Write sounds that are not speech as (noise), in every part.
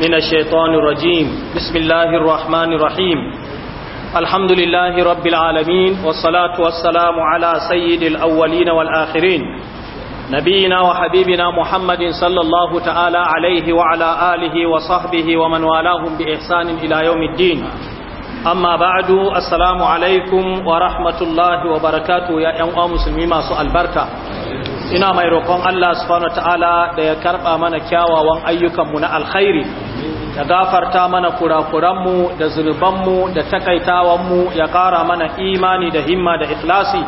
من الشيطان الرجيم بسم الله الرحمن الرحيم الحمد لله رب العالمين والصلاة والسلام على سيد الأولين والآخرين نبينا وحبيبنا محمد صلى الله تعالى عليه وعلى آله وصحبه ومن والاهم بإحسان إلى يوم الدين أما بعد السلام عليكم ورحمة الله وبركاته يا أمام سلمي ما سؤال بركة ina mai roƙon Allah subhanahu ta'ala da ya karɓa mana kyawawan ayyukanmu na alkhairi ya gafarta mana kurakuranmu da zunubanmu da takaitawanmu ya ƙara mana imani da himma da ikhlasi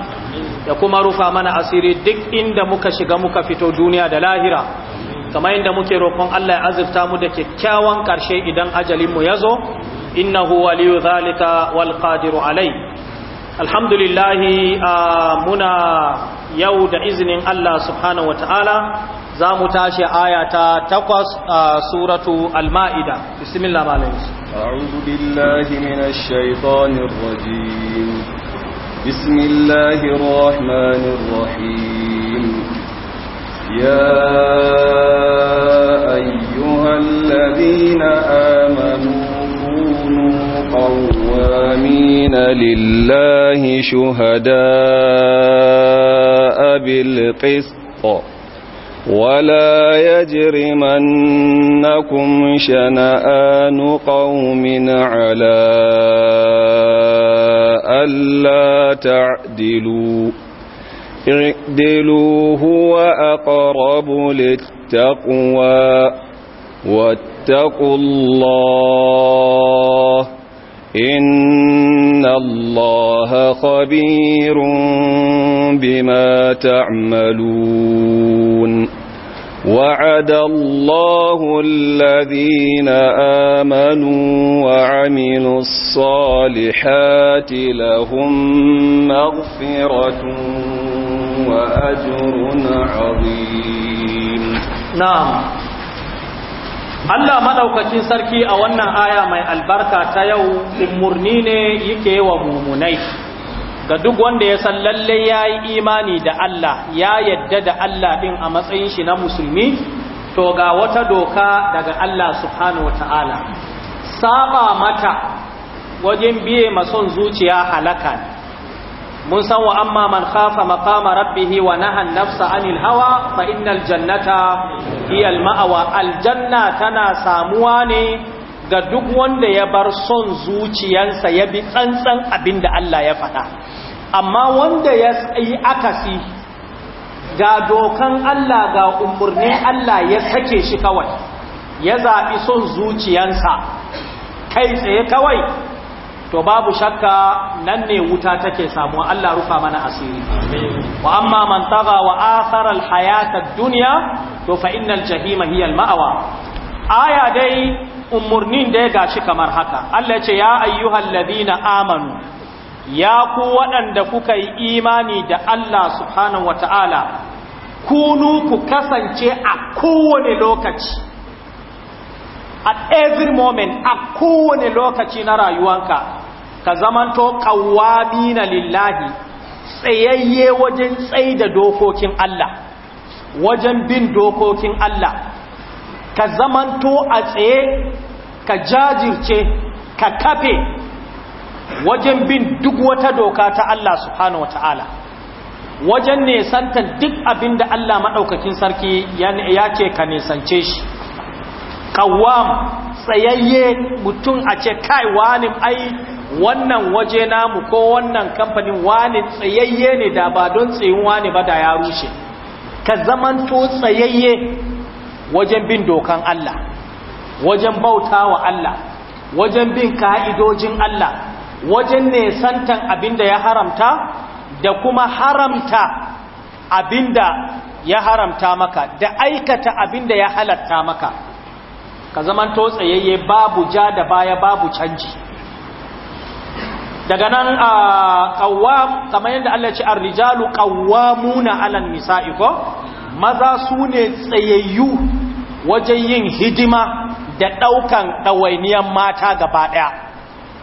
ya kuma rufa mana asiri duk inda muka shiga muka fito duniya da lahira kamar inda muke roƙon Allah ya azurta mu da kyakkyawan ƙarshe idan ajalinmu ya zo innahu waliyu zalika wal qadiru alai alhamdulillah ah, muna yau da izinin Allah subhana wa ta'ala za mu tashi ayata takwas a suratu al-ma'ida bismillah malayin a'udhu billahi minash shaitanir rajim bismillahir rahmanir rahim ya ayyuhalladhina amanu قوامين لله شهداء بالقسط ولا يجرمنكم شنآن قوم على ألا تعدلوا اعدلوا هو أقرب للتقوى واتقوا الله إن الله خبير بما تعملون وعد الله الذين آمنوا وعملوا الصالحات لهم مغفرة وأجر عظيم نعم Allah maɗaukacin sarki a wannan aya mai albarka ta yau umarni ne yake wa mumunai ga duk wanda ya san lalle ya yi imani da Allah ya yadda da Allah ɗin a matsayin shi na musulmi to ga wata doka daga Allah subhanahu wa ta'ala saba mata wajen biye mason zuciya halaka ne mun san wa amma man khafa maqama rabbih wa nahan nafsa anil hawa fa innal jannata hiya al ma'wa al janna tana samuwa ne ga duk wanda ya bar son zuciyansa ya bi tsantsan abinda Allah ya faɗa amma wanda ya tsayi akasi ga dokan Allah ga umurnin Allah ya sake shi kawai ya zaɓi son zuciyansa kai tsaye kawai to babu shakka nan ne wuta take samuwa Allah rufa mana asiri wa amma man taga wa athara alhayata ad-dunya to fa innal jahima hiya al-ma'wa aya dai umurnin da gashi kamar haka Allah ya ce ya ayyuhalladhina amanu ya ku waɗanda kuka yi imani da Allah subhanahu wata'ala kunu ku kasance a kowane lokaci at every moment a kowane lokaci na rayuwanka ka zamanto qawwamina lillahi tsayayye wajen tsaida dokokin Allah wajen bin dokokin Allah ka zamanto a tsaye ka jajirce ka kafe wajen bin duk wata doka ta Allah subhanahu wataala wajen nesantar duk abin da Allah maɗaukakin sarki ya ce ka nesance shi ƙawam tsayayye mutum a ce kai wani ai wannan waje namu ko wannan kamfanin wani tsayayye ne da ba don tsayin wani ba da ya rushe ka zamanto tsayayye wajen bin dokan Allah wajen bauta wa Allah wajen bin ka'idojin Allah wajen ne nesantan abinda ya haramta da kuma haramta abinda ya haramta maka da aikata abinda ya halatta maka ka zamanto tsayayye babu ja da baya babu canji daga nan a ah, kawam kamar yadda Allah ce ar-rijalu qawwamuna 'alan nisa'i ko maza sune tsayayyu wajen yin hidima da daukan dawainiyan mata gaba daya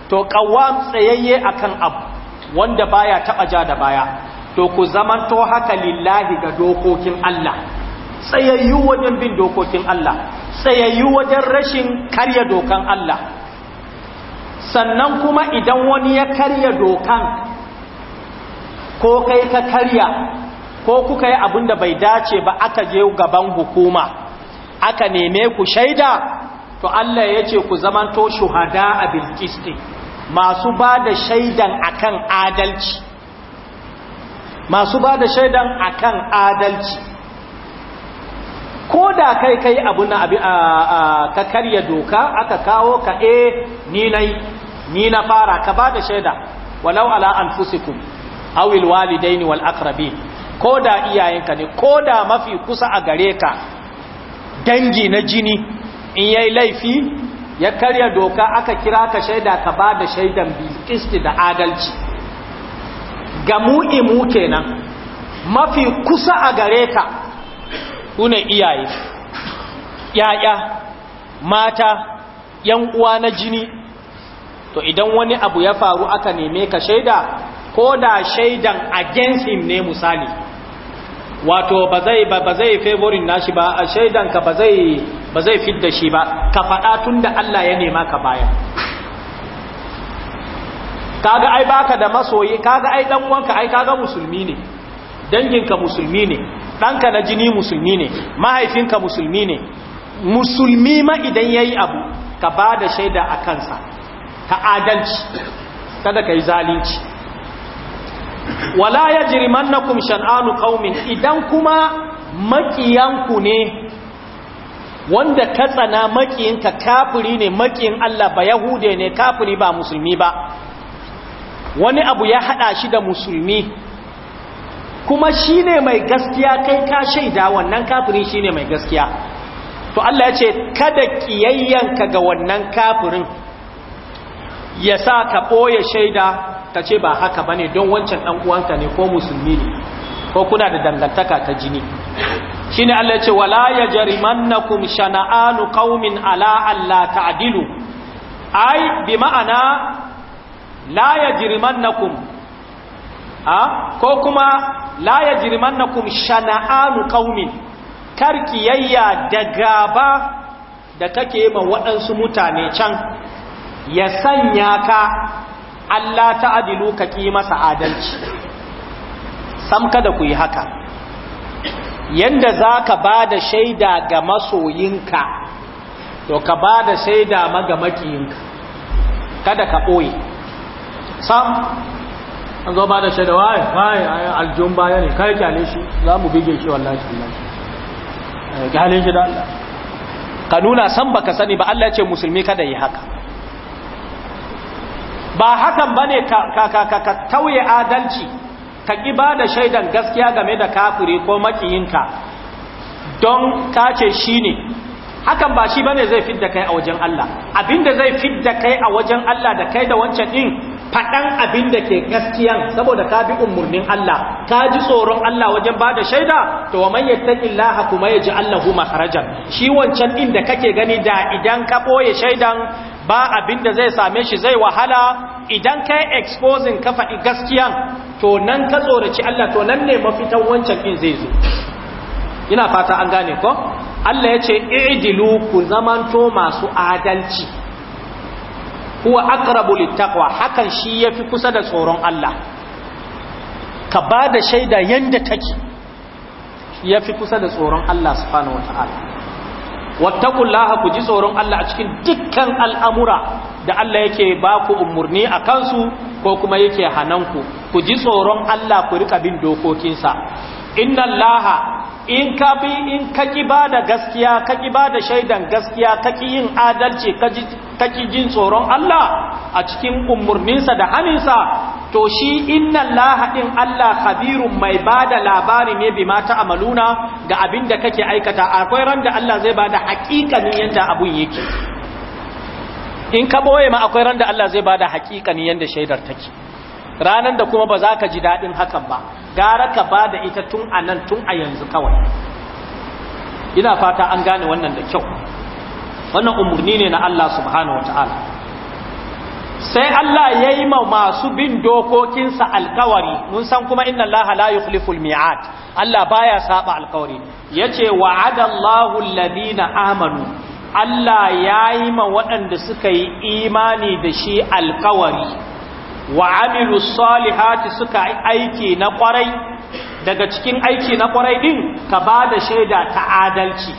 to qawwam tsayayye akan abu wanda baya taba ja da baya to ku zamanto haka lillahi ga dokokin Allah tsayayyu wajen bin dokokin Allah tsayayyu wajen rashin karya dokan Allah sannan kuma idan wani ya karya dokan ko kai ka karya ko kuka yi abin da bai dace ba aka je gaban hukuma aka neme ku shaida to Allah ya ce ku zamanto shuhada a bilkisti masu ba da shaidan akan adalci masu ba da shaidan akan adalci ko da kai kai abin da ka karya doka aka kawo ka e ni nai ni na fara ka ba da shaida walau ala anfusikum awil walidaini wal akrabi ko da iyayenka ne ko da mafi kusa a gare ka dangi na jini in yayi laifi ya karya doka aka kira ka shaida ka ba da shaidan bilkisti da adalci ga mu'imu kenan mafi kusa a gare ka sune iyaye yaya mata yan uwa na jini to idan wani abu ya faru aka neme ka shaida ko da shaidan against him ne misali wato ba zai ba zai favorin nashi ba a shaidan ka ba zai fidda shi ba ka faɗa tunda Allah ya nema ka baya kaga ai baka da masoyi kaga ai dan uwanka ai kaga musulmi ne danginka musulmi ne ka na jini musulmi ne mahaifinka musulmi ne musulmi ma idan yayi abu ka ba da shaida a kansa ka adalci kada ka yi zalunci wala ya jiriman na kumshan anu ƙaumin idan kuma maƙiyanku ne wanda ka tsana maƙiyinka kafiri ne makiyin Allah ba yahude ne kafiri ba musulmi ba wani abu ya haɗa shi da musulmi kuma shi ne mai gaskiya kai ka shaida wannan kafirin shi ne mai gaskiya to Allah ya ce kada ƙiyayyanka ga wannan kafirin ya sa ka ɓoye shaida ka ce ba haka ba ne don wancan ɗan uwanka ne ko musulmi ne ko kuna da dangantaka ta jini shi ne Allah ce wala ya jarimannakum shana'anu ƙaumin ala'alla ta adilu ai bi ma'ana la ya jarimannakum ko kuma la ya jarimannakum shana'anu karki yayya da gaba da kake ma waɗansu mutane can ya sanya ka Allah adilu ka ƙi masa adalci sam kada ku yi haka yanda za ka ba da shaida ga masoyinka to ka ba da shaida maga ga makiyinka kada ka ɓoye sam an zo ba da shaida waye waye aljun baya ne kai kyale shi za mu bige shi wallahi wallahi eh, kyale shi da Allah ka nuna san baka sani ba Allah ya ce musulmi kada yi haka ba hakan bane ka ka tauye adalci ka ki ba da shaidan gaskiya game da kafiri ko makiyinka don ka ce shine hakan ba shi ba ne zai fidda kai a wajen Allah abinda zai fidda kai a wajen Allah da kai da wancan din faɗan abinda ke gaskiyan saboda ka bi umarnin Allah ka ji tsoron Allah wajen ba da shaida to wa man yattaqillaha kuma yaji Allahu makharajan shi wancan din da kake gani da idan ka boye shaidan ba abin da zai same shi zai wahala idan kai exposing ka faɗi gaskiyan to nan ka tsoraci Allah to nan ne mafitan wancan ɗin zai zo ina fata an gane ko Allah ya ce i'dilu ku zamanto masu adalci Kuwa akrabu littaqwa hakan shi yafi kusa da tsoron Allah ka bada shaida yanda take fi kusa da tsoron Allah subhanahu wattaqullaha ku ji tsoron Allah a cikin dukkan al'amura da Allah yake ba ku umurni a kansu ko kuma yake hananku ku ji tsoron Allah ku rika bin dokokinsa inna laha in ka bi in ka ki ba gaskiya ka ki ba shaidan gaskiya ka ki yin adalci ka ki jin tsoron Allah a cikin umarninsa da haninsa to shi inna Allah din Allah khabirun mai bada labari ne bi mata amaluna ga abin da kake aikata akwai ran da Allah zai bada hakikanin yanda abun yake in ka boye ma akwai ran da Allah zai bada hakikanin yanda shaidar take ranan da kuma ba za ka ji dadin hakan ba gara ka bada ita tun a nan tun a yanzu kawai ina fata an gane wannan da kyau wannan umurni ne na Allah subhanahu wataala sai Allah ya yi ma masu bin dokokinsa alkawari mun san kuma inna Allah la yukhliful mi'ad Allah baya saba alkawari yace wa'ada Allahu alladhina amanu Allah ya yi ma waɗanda suka yi imani da shi alkawari wa amilu salihati suka aiki na kwarai daga cikin aiki na kwarai din ka da shaida ta adalci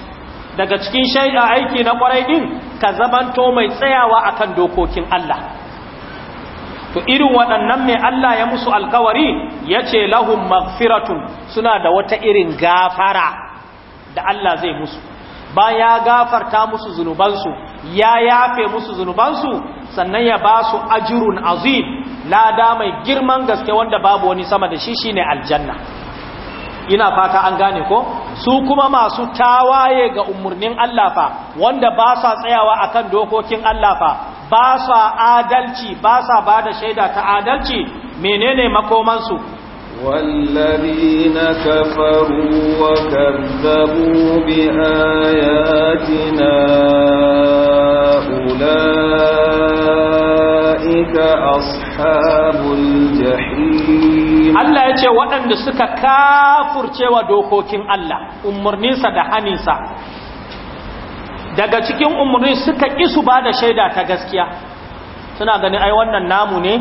daga cikin shaida aiki na kwarai din ka zamanto mai tsayawa akan dokokin Allah to irin waɗannan mai Allah ya musu alkawari ya ce lahun magfiratun suna da wata irin gafara da Allah zai musu ba ya gafarta musu zunubansu ya yafe musu zunubansu sannan ya ba su ajirun azim lada mai girman gaske wanda babu wani sama da shi shi ne aljanna ina fata an gane ko su kuma masu tawaye ga umarnin Allah fa wanda ba sa tsayawa akan dokokin Allah fa ba sa adalci ba sa ba da shaida ta adalci menene makomansu والذين كفروا وكذبوا بآياتنا أولئك أصحاب الجحيم Allah ya ce waɗanda suka kafurcewa dokokin Allah umarninsa da haninsa daga cikin umarni suka isu ba da shaida ta gaskiya suna ganin ai wannan namu ne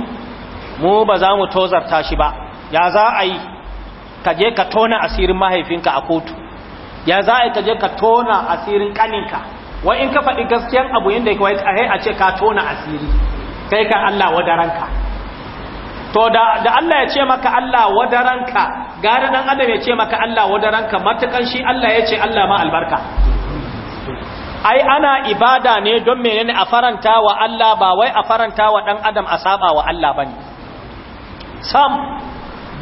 mu ba za mu tozarta shi ba ya za a yi ka je ka tona asirin mahaifinka a kotu ya za a yi ka je ka tona asirin kaninka wai in ka faɗi gaskiyan abu yadda ya kawai a ce ka tona asiri kai kan Allah wadaranka to da da Allah ya ce maka Allah wadaranka gara dan adam ya ce maka Allah wadaranka matukan shi Allah ya ce Allah ma albarka ai ana ibada ne don menene a faranta wa Allah ba wai a faranta wa dan adam a saba wa Allah bane sam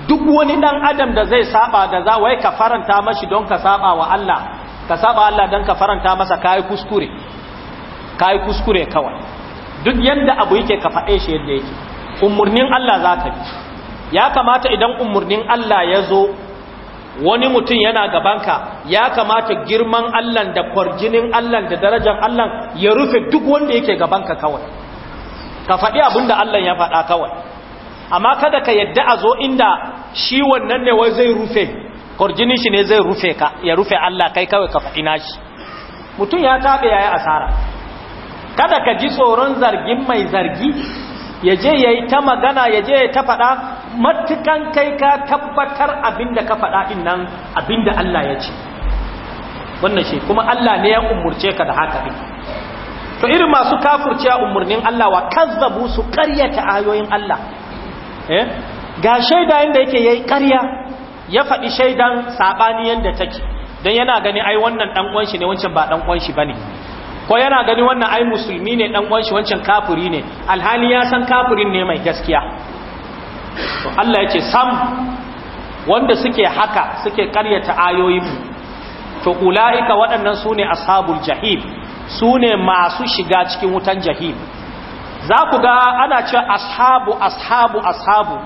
duk wani dan adam da zai saba da za wai ka faranta mashi don ka saba wa Allah ka saba Allah don ka faranta masa kai kuskure kai kuskure kawai duk yanda abu yake ka faɗe shi yadda yake umarnin Allah za ka bi ya kamata idan umarnin Allah ya zo wani mutum yana gabanka ya kamata girman Allah da kwarjinin Allah da darajar Allah ya rufe duk wanda yake gabanka kawai ka faɗi abin da Allah ya faɗa kawai amma kada ka yadda a zo inda shi wannan ne wai zai rufe kwarjinin shi ne zai rufe ka ya rufe Allah kai kawai ka faɗi nashi mutum ya taɓa ya yi asara kada ka ji tsoron zargin mai zargi ya je ya yi ta magana ya je ya ta faɗa matukan kai ka tabbatar abinda ka faɗa in nan abinda Allah ya ce wannan shi kuma Allah ne ya umurce ka da haka ɗin to irin masu kafurce umarnin Allah wa kazzabu su ta ayoyin Allah eh ga shaida inda yake yayi karya ya faɗi shaidan saɓani yadda take don yana gani ai wannan ɗan uwan shi ne wancan ba dan uwan shi bane ko yana gani wannan ai musulmi ne dan shi wancan kafiri ne alhali ya san kafirin ne mai gaskiya to Allah ya sam wanda suke haka suke karyata mu to ulaika waɗannan sune ashabul jahim sune masu shiga cikin wutan jahim za ku ga ana cewa ashabu ashabu ashabu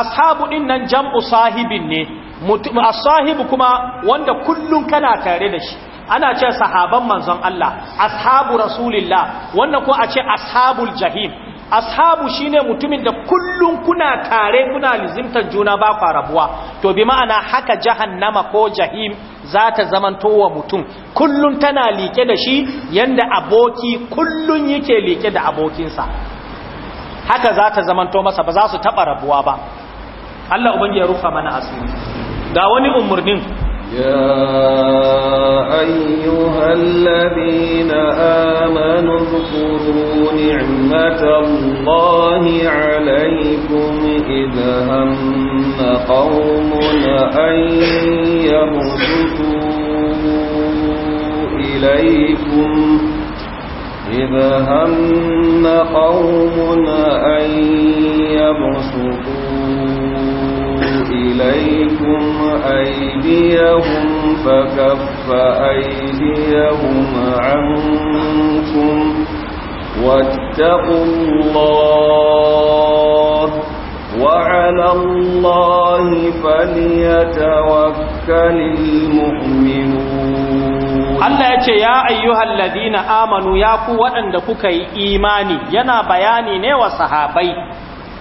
ashabu din nan jam'u sahibin ne mutum ashabu kuma wanda kullun kana tare da shi ana ce sahaban manzon Allah ashabu rasulillah wannan ko a ce ashabul jahim ashabu shine mutumin da kullun kuna tare kuna lizimtar juna ba rabuwa to bi ma'ana haka jahannama ko jahim za ta zamanto wa mutum kullun tana like da shi yanda aboki kullun yake like da abokinsa haka za ta zamanto masa ba za su taba rabuwa ba Allah ubangiya rufa mana asiri ga wani umurnin يا أيها الذين آمنوا اذكروا نعمة الله عليكم إذ هم قوم أن يبسطوا إليكم إذ هم قوم أن يبسطوا إليكم أيديهم فكف أيديهم عنكم واتقوا الله وعلى الله فليتوكل المؤمنون Allah ya ce ya ayyuhal ladina amanu ya ku waɗanda kuka yi imani yana bayani ne wa sahabai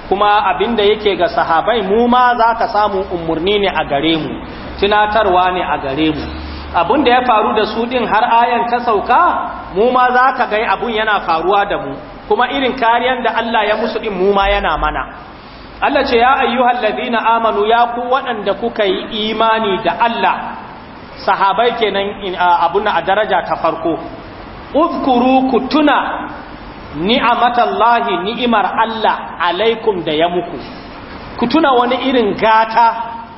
kuma abinda yake ga sahabai mu ma za ka samu umarni ne a gare mu tunatarwa ne a gare mu abin da ya faru da su din har ayan ta sauka mu ma za ka gai abun yana faruwa da mu kuma irin kariyan da Allah ya musu din mu ma yana mana Allah ce ya ayyuhal ladina amanu ya ku waɗanda kuka yi imani da Allah sahabai kenan abun a daraja ta farko uzkuru ku tuna ni'amatallahi ni'imar Allah alaikum da ya muku ku tuna wani irin gata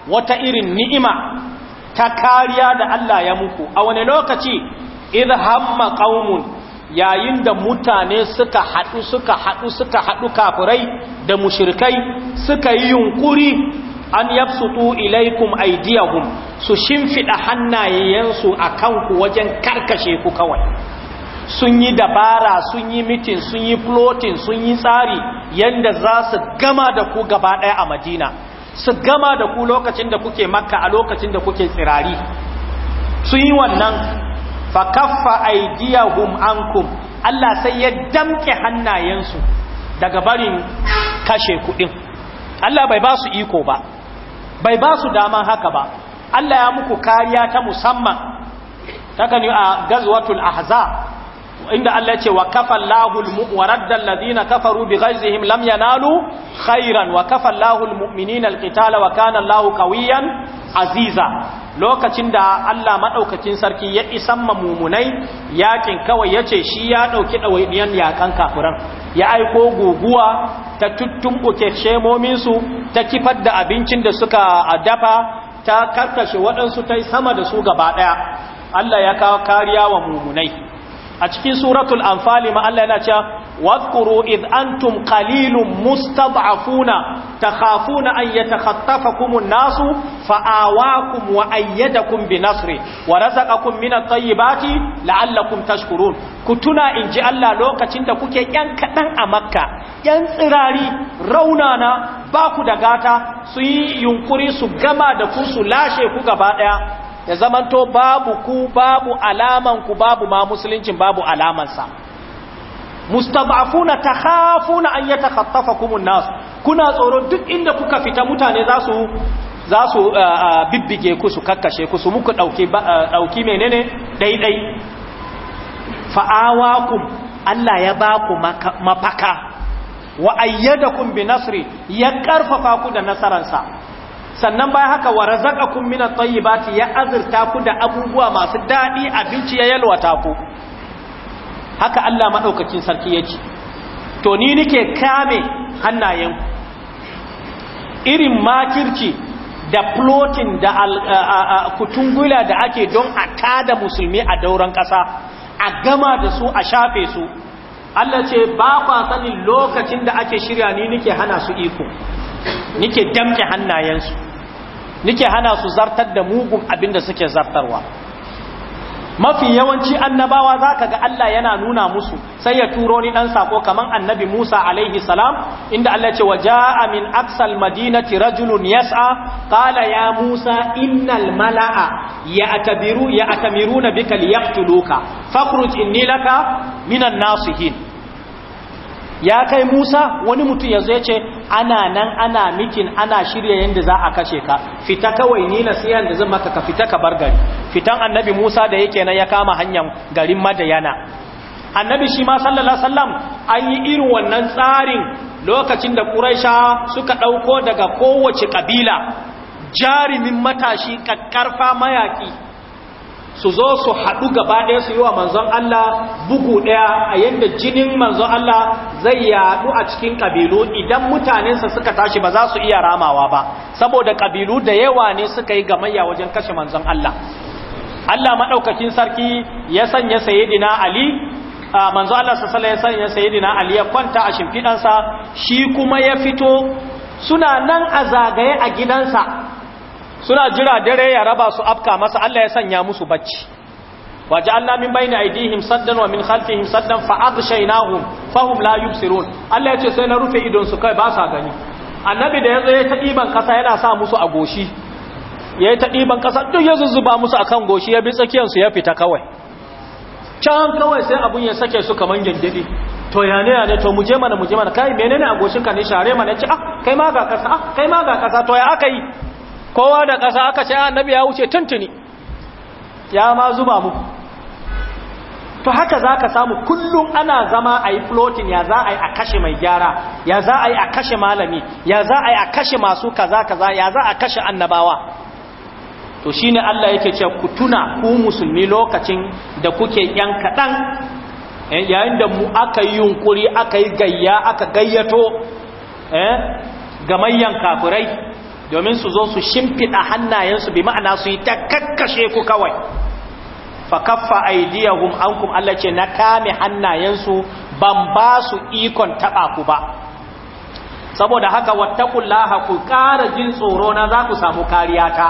wata irin ni'ima ta kariya da Allah ya muku a wani lokaci idh hamma qaumun yayin da mutane suka haɗu suka haɗu suka haɗu kafirai da mushrikai suka yi yunkuri an yabsutu ilaikum aydiyahum su shimfida hannayensu akan ku wajen karkashe ku kawai sun yi dabara sun yi mitin sun yi flotin sun yi tsari yadda za su gama da ku gaba ɗaya a madina su gama da ku lokacin da kuke makka a lokacin da kuke tsirari sun yi wannan fakaffa an kum. Allah sai ya damke hannayensu daga barin kashe kuɗin Allah bai ba su iko ba bai ba su daman haka ba Allah ya muku kariya ta musamman takan yi a gazwatul ahzab inda Allah ya ce wa kafallahu almu'waraddal ladina kafaru bighayzihim lam yanalu khairan wa kafallahu almu'minina alqitala wa kana Allahu qawiyan aziza lokacin da Allah madaukakin sarki ya isan mamumunai yakin kawai yace shi ya dauki dawainiyan yakan kafuran. ya aiko guguwa ta tuttumbuke shemomin su ta kifar da abincin da suka dafa ta karkashe waɗansu ta sama da su gaba ɗaya Allah ya kawo kariya wa mumunai a cikin suratul anfali ma Allah yana cewa wadhkuru id antum qalilun mustad'afuna takhafuna an yatakhattafakum an-nasu fa'awakum wa ayyadakum bi nasri wa razaqakum min at-tayyibati la'allakum tashkurun kutuna inji Allah lokacin da kuke yan kadan a Makka yan tsirari raunana ba ku da gata su yi yunkuri su gama da ku su lashe ku gaba daya ya zamanto babu ku babu alaman ku babu ma musuluncin babu alamansa mustad'afuna takhafuna an yatakhatafakum an-nas kuna tsoro duk inda kuka fita mutane za su za su bibbige ku su kakkashe ku su muku dauke dauki menene daidai fa'awakum Allah ya ba ku mafaka wa ayyadakum bi nasri ya karfafa ku da nasaransa sannan bayan haka wa razaqakum min at-tayyibati ya azurta ku da abubuwa masu dadi abinci ya yalwata ku haka Allah madaukakin sarki yake to ni nike kame hannayen irin makirci da plotin da kutungula da ake don a tada musulmi a dauran kasa a gama da su a shafe su Allah ce ba kwa sanin lokacin da ake shirya ni nike hana su iko nike damke hannayensu nike hana su zartar da mugun abin da suke zartarwa mafi yawanci annabawa za ka ga Allah yana nuna musu sai ya turo ni ɗan sako kaman annabi Musa alaihi salam inda Allah ce waja'a min aksal madinati rajulun yas'a qala ya Musa innal mala'a ya atabiru ya atamiruna bika liyaqtuluka fakhruj inni laka minan nasihin ya kai Musa wani mutum yazo ya ce ana nan ana mikin ana shirya yadda za a kashe ka fita kawai ni nasihan da zan maka ka fita ka bar gari fitan annabi Musa da yake nan ya kama hanyar garin Madayana annabi shi ma sallallahu alaihi an yi irin wannan tsarin lokacin da Quraisha suka ɗauko daga kowace kabila jarimin matashi kakkarfa mayaki su zo su haɗu gaba ɗaya su yi wa manzon Allah bugu ɗaya a yadda jinin manzon Allah zai yaɗu a cikin ƙabilu idan mutanensa suka tashi ba za su iya ramawa ba saboda ƙabilu da yawa ne suka yi gamayya wajen kashe manzon Allah Allah maɗaukakin sarki ya sanya sayidina Ali manzo Allah sallallahu alaihi wasallam ya sayidina Ali ya kwanta a shimfiɗansa, shi kuma ya fito suna nan a zagaye a gidansa suna jira dare ya raba su afka masa Allah ya sanya musu bacci waje Allah min bayna aidihim saddan wa min khalfihim saddan fa aghshaynahum fahum la yubsirun Allah ya ce sai na rufe idon su kai ba sa gani annabi da yazo ya ta diban kasa yana sa musu a goshi yayi ta diban kasa duk ya zuzzuba musu akan goshi ya bi tsakiyar su ya fita kawai can kawai sai abun ya sake su kaman gindidi to ya ne ya ne to muje mana muje mana kai menene a goshin ka ne share mana ce ah kai ma ga kasa ah kai ma ga kasa to ya aka yi kowa da ƙasa aka ce ah, annabi ya wuce tuntuni ya ma zuba muku to haka za ka samu kullum ana zama a yi floating ya za a yi a kashe mai gyara ya za a yi a kashe malami ya za a yi a kashe masu kaza kaza ya za a kashe annabawa to shi ne Allah yake ce ku tuna ku musulmi lokacin da kuke yan kaɗan eh, yayin da mu aka yi yunkuri aka yi gayya aka gayyato eh, gamayyan kafirai domin su zo su shimfiɗa hannayensu bi ma'ana su yi ta kakkashe ku kawai fa kaffa aidiyahum ankum Allah ce na kame hannayensu ban ba su ikon taɓa ku ba saboda haka wattaqullaha ku ƙara jin tsoro na za ku samu kariya ta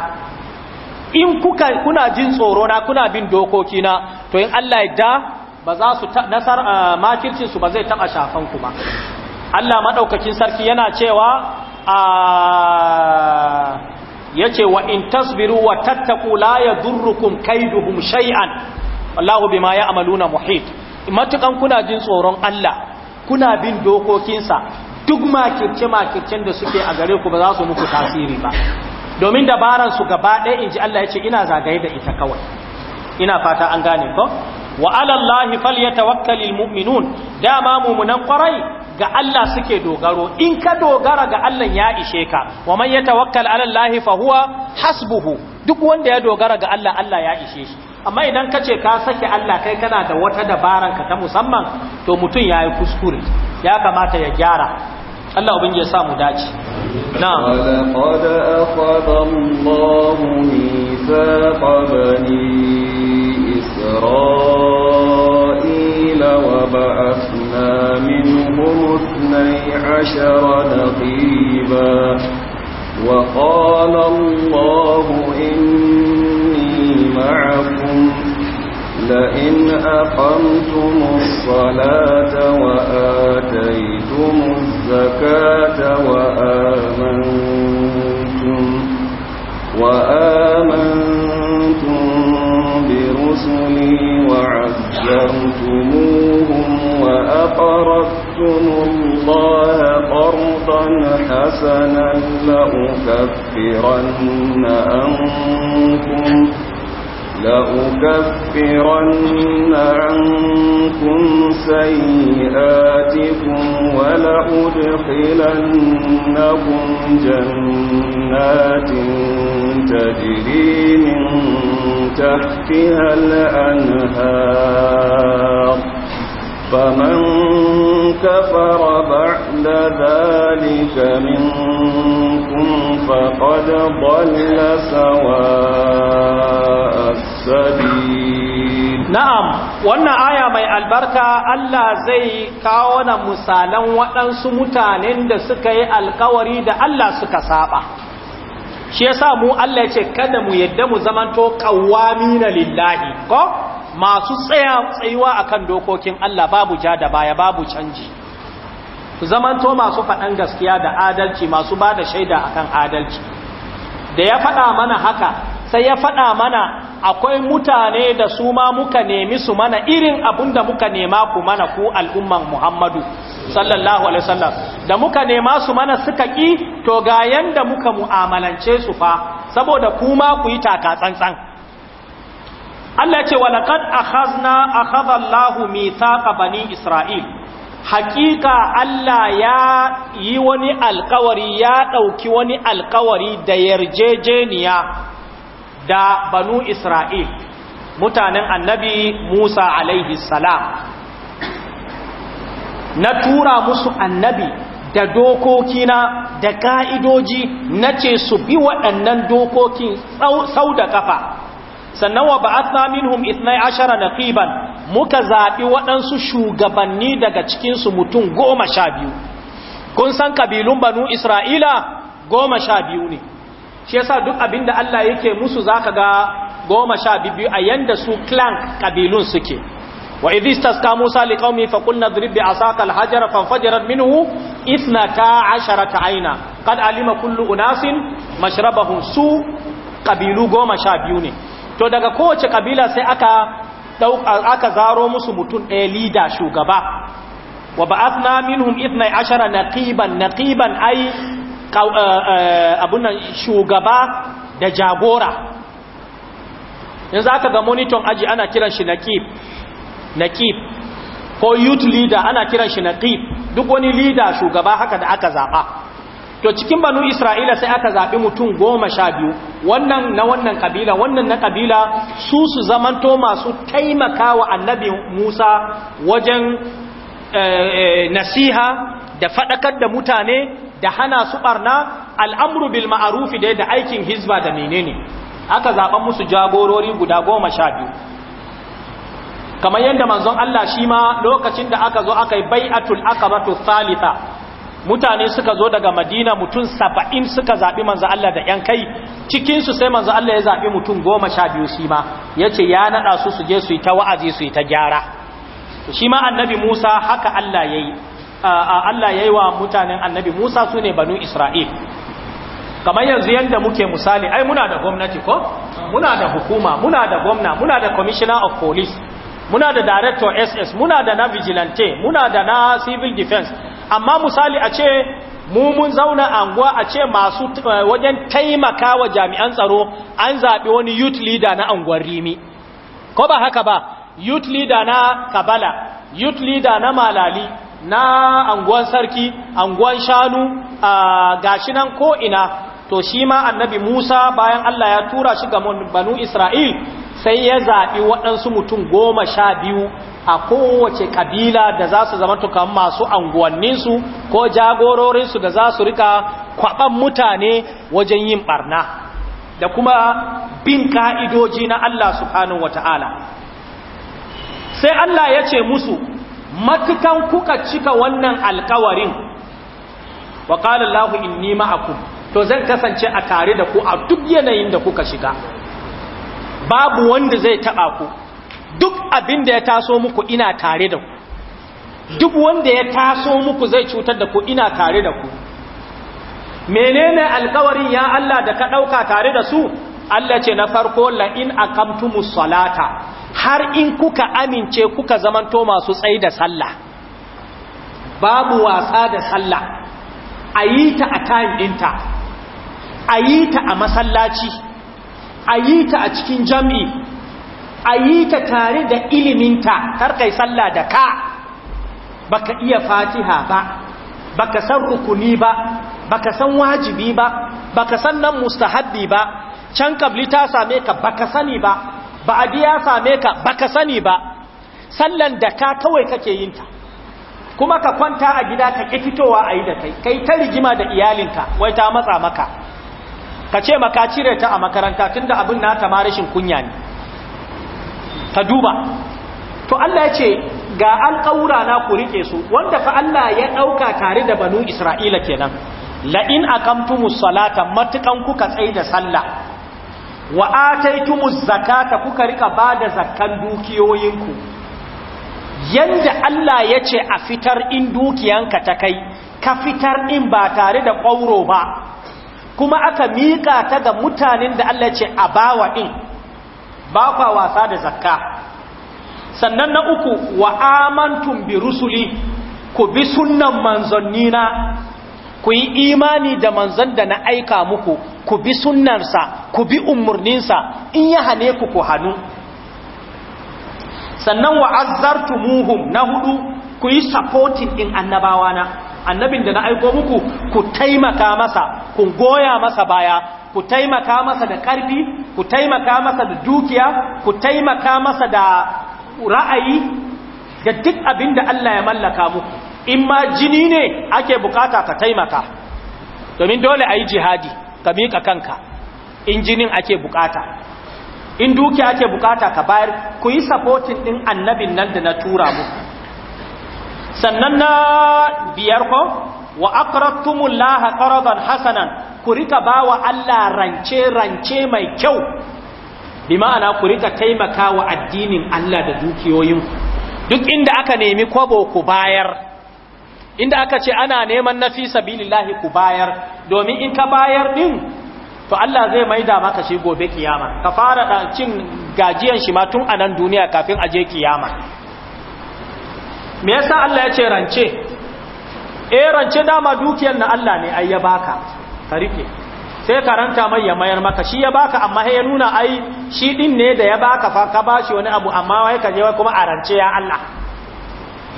in kuka kuna jin tsoro na kuna bin dokoki na to in Allah ya da ba za su nasar makircin su ba zai taɓa shafan ku ba Allah madaukakin sarki yana cewa a yace wa in tasbiru wa tattaku la yadurrukum kaiduhum shay'an wallahu bima ya'maluna muhit matukan kuna jin tsoron Allah kuna bin dokokinsa duk ma ma makircen da suke a gare ku ba za su muku tasiri ba domin dabaransu su gaba ɗaya inji Allah ce ina zagaye da ita kawai ina fata an gane ko wa alallahi falyatawakkalul mu'minun dama mu'minan kwarai ga Allah suke dogaro in ka dogara ga Allah ya ishe ka wa man yatawakkal ala Allah fa huwa hasbuhu duk wanda ya dogara ga Allah Allah ya ishe shi amma idan ka ce ka sake Allah kai kana da wata dabaran ka ta musamman to mutum yayi kuskure ya kamata ya gyara Allah ubin ya mu dace na'am laqad akhadha Allahu mithaqa bani إسرائيل وبعثنا منهم اثني عشر نقيبا وقال الله إني معكم لئن أقمتم الصلاة حسنا لأكفرن أنكم لأكفرن عنكم سيئاتكم ولأدخلنكم جنات تجري من تحتها الأنهار فمن كفر بعد بعد ذلك منكم فقد ضل سواء السبيل نعم wannan aya mai albarka Allah zai kawo na misalan waɗansu mutanen da suka yi alkawari da Allah suka saba shi yasa mu Allah ya ce kada mu yadda mu zamanto na lillahi ko masu tsaya tsayuwa akan dokokin Allah babu ja da baya babu canji ku zamanto masu faɗan gaskiya da adalci masu ba da shaida akan adalci da ya faɗa mana haka sai ya faɗa mana akwai mutane da su ma muka nemi su mana irin abun da muka nema ku mana ku al'umman Muhammadu sallallahu alaihi wasallam da muka nema su mana suka ki to ga yanda muka mu'amalance su fa saboda kuma ku yi taka tsantsan Allah ce wa laqad akhazna akhadha Allahu mithaqa bani Isra'il hakika Allah ya yi wani alkawari ya ɗauki wani alkawari da yarjejeniya da banu Isra'il mutanen annabi Musa alaihi salam na tura musu annabi da dokokina da ka'idoji na ce su bi waɗannan dokokin sau da ƙafa sannan wa ba'athna minhum 12 naqiban muka zaɓi waɗansu shugabanni daga cikinsu mutum goma sha biyu kun san ƙabilun banu isra'ila goma sha biyu ne shi yasa duk abinda Allah yake musu za ka ga goma sha biyu a yanda su clan ƙabilun suke wa idis taska musa liƙaumi faƙul na zuribi a saƙal hajjara fanfajirar minhu. isna ta ashara ta aina kad alima kullu unasin mashrabahun su kabilu goma sha biyu ne to daga kowace kabila sai aka aka zaro musu mutum ɗaya lida shugaba wa ba'athna minhum ithna ashara naqiban naqiban ai eh, eh, abunan shugaba da jagora za ka ga monitor aji ana kiran shi naqib naqib ko youth leader ana kiran shi naqib duk wani leader shugaba haka da aka zaɓa. to cikin banu isra'ila sai aka zaɓi mutum goma sha biyu wannan na wannan kabila wannan na kabila su su zamanto masu taimakawa annabi musa wajen eh, eh, nasiha da faɗakar da mutane da hana su ɓarna al'amru bil ma'arufi da da aikin hizba da menene aka zaɓa musu jagorori guda goma sha biyu kamar yadda manzon Allah shi ma lokacin da aka zo aka yi bai'atul aqabatu thalitha mutane suka zo daga madina mutum saba'in suka zaɓi manzo Allah da ‘yan kai cikinsu sai manzo Allah ya zaɓi mutum goma sha biyu shi ma ya ce ya naɗa su su je su yi ta wa'azi su yi ta gyara shi ma annabi musa haka Allah ya yi Allah ya yi wa mutanen annabi musa su ne banu isra'il kamar yanzu yadda muke misali ai muna da gwamnati ko muna da hukuma muna da gwamna muna da commissioner of police muna da director ss muna da na vigilante muna da na civil defense amma misali a ce mu mun zauna anguwa a ce masu eh, wajen taimaka wa jami'an tsaro an zaɓi wani youth leader na anguwar rimi ko ba haka ba youth leader na kabala youth leader na malali na anguwan sarki anguwan shanu a ah, gashi nan ko'ina to shi ma annabi Musa bayan Allah ya tura shi ga banu Isra'il sai ya zaɓi waɗansu mutum goma sha biyu a kowace kabila da za su zama tukan masu anguwanninsu ko jagororinsu da za su rika kwaɓan mutane wajen yin ɓarna da kuma bin ka'idoji na Allah subhanahu wa ta'ala sai Allah ya ce musu matukan kuka cika wannan alkawarin wa ƙalallahu in nima a kuma to zan kasance a tare da ku a duk yanayin da kuka shiga babu wanda zai taba ku duk abin da ya taso muku ina tare da ku duk wanda ya taso muku zai cutar da ku ina tare da ku menene alkawari ya Allah da ka ɗauka tare da su Allah ce na farko la'in aqamtumus salata har in kuka amince kuka zamanto masu tsayi da sallah babu wasa da sallah a ta a time ɗinta a yi ta a masallaci a yi ta a cikin jam'i a yi ta tare da iliminta karkai sallah da ka baka iya fatiha ba baka san rukuni ba baka san wajibi ba baka san nan mustahabbi ba can kabli ta same ka baka sani ba ba'adi ya same ka baka sani ba sallan da ka kawai kake yin ta kuma ka kwanta a gida ka ƙi fitowa a yi da kai kai ta rigima da iyalinka wai ta matsa maka ka ce maka cire ta a makaranta tunda abin na ta rashin kunya ne ka duba to Allah ya ce ga alƙawura na ku rike su wanda fa Allah ya ɗauka tare da banu Isra'ila kenan la'in aqamtumus salata matukan kuka tsaye da sallah wa ataitumuz zakata kuka rika bada zakkan dukiyoyinku yanda Allah ya ce a fitar in dukiyanka ta kai ka fitar in ba tare da ƙwauro ba kuma aka miƙa ta ga mutanen da Allah ce a bawa ɗin ba kwa wasa da zakka sannan na uku wa amantum bi rusuli ku bi sunnan manzannina ku yi imani da manzon da na aika muku ku bi sunnarsa ku bi umarninsa in ya hane ku ku hannu sannan wa azartumuhum na hudu ku yi supporting din annabawana annabin da na aiko muku ku taimaka masa ku goya masa baya ku taimaka masa da ƙarfi ku taimaka masa da dukiya ku taimaka masa da ra'ayi da duk abin da Allah ya mallaka muku in ma jini ne ake bukata ka taimaka domin dole a yi jihadi ka miƙa kanka in jinin ake bukata in dukiya ake bukata ka bayar ku yi supporting ɗin annabin nan da na tura muku sannan na biyar ko wa laha qaradan hasanan ku rika bawa Allah rance rance mai kyau bi ma'ana ku rika taimaka wa addinin Allah da dukiyoyin duk inda aka nemi kwabo ku bayar inda aka ce ana neman na sabilillahi ku bayar domin in ka bayar din to Allah zai maida maka shi gobe kiyama ka fara cin gajiyan shi ma tun a nan duniya kafin aje kiyama me yasa Allah ya ce rance eh rance dama dukiyar na Allah ne ai ya baka ka rike sai ka ranta mai ya mayar maka shi ya baka amma sai ya nuna ai shi din ne da ya baka fa ka bashi wani abu amma wai ka je wai kuma a rance ya Allah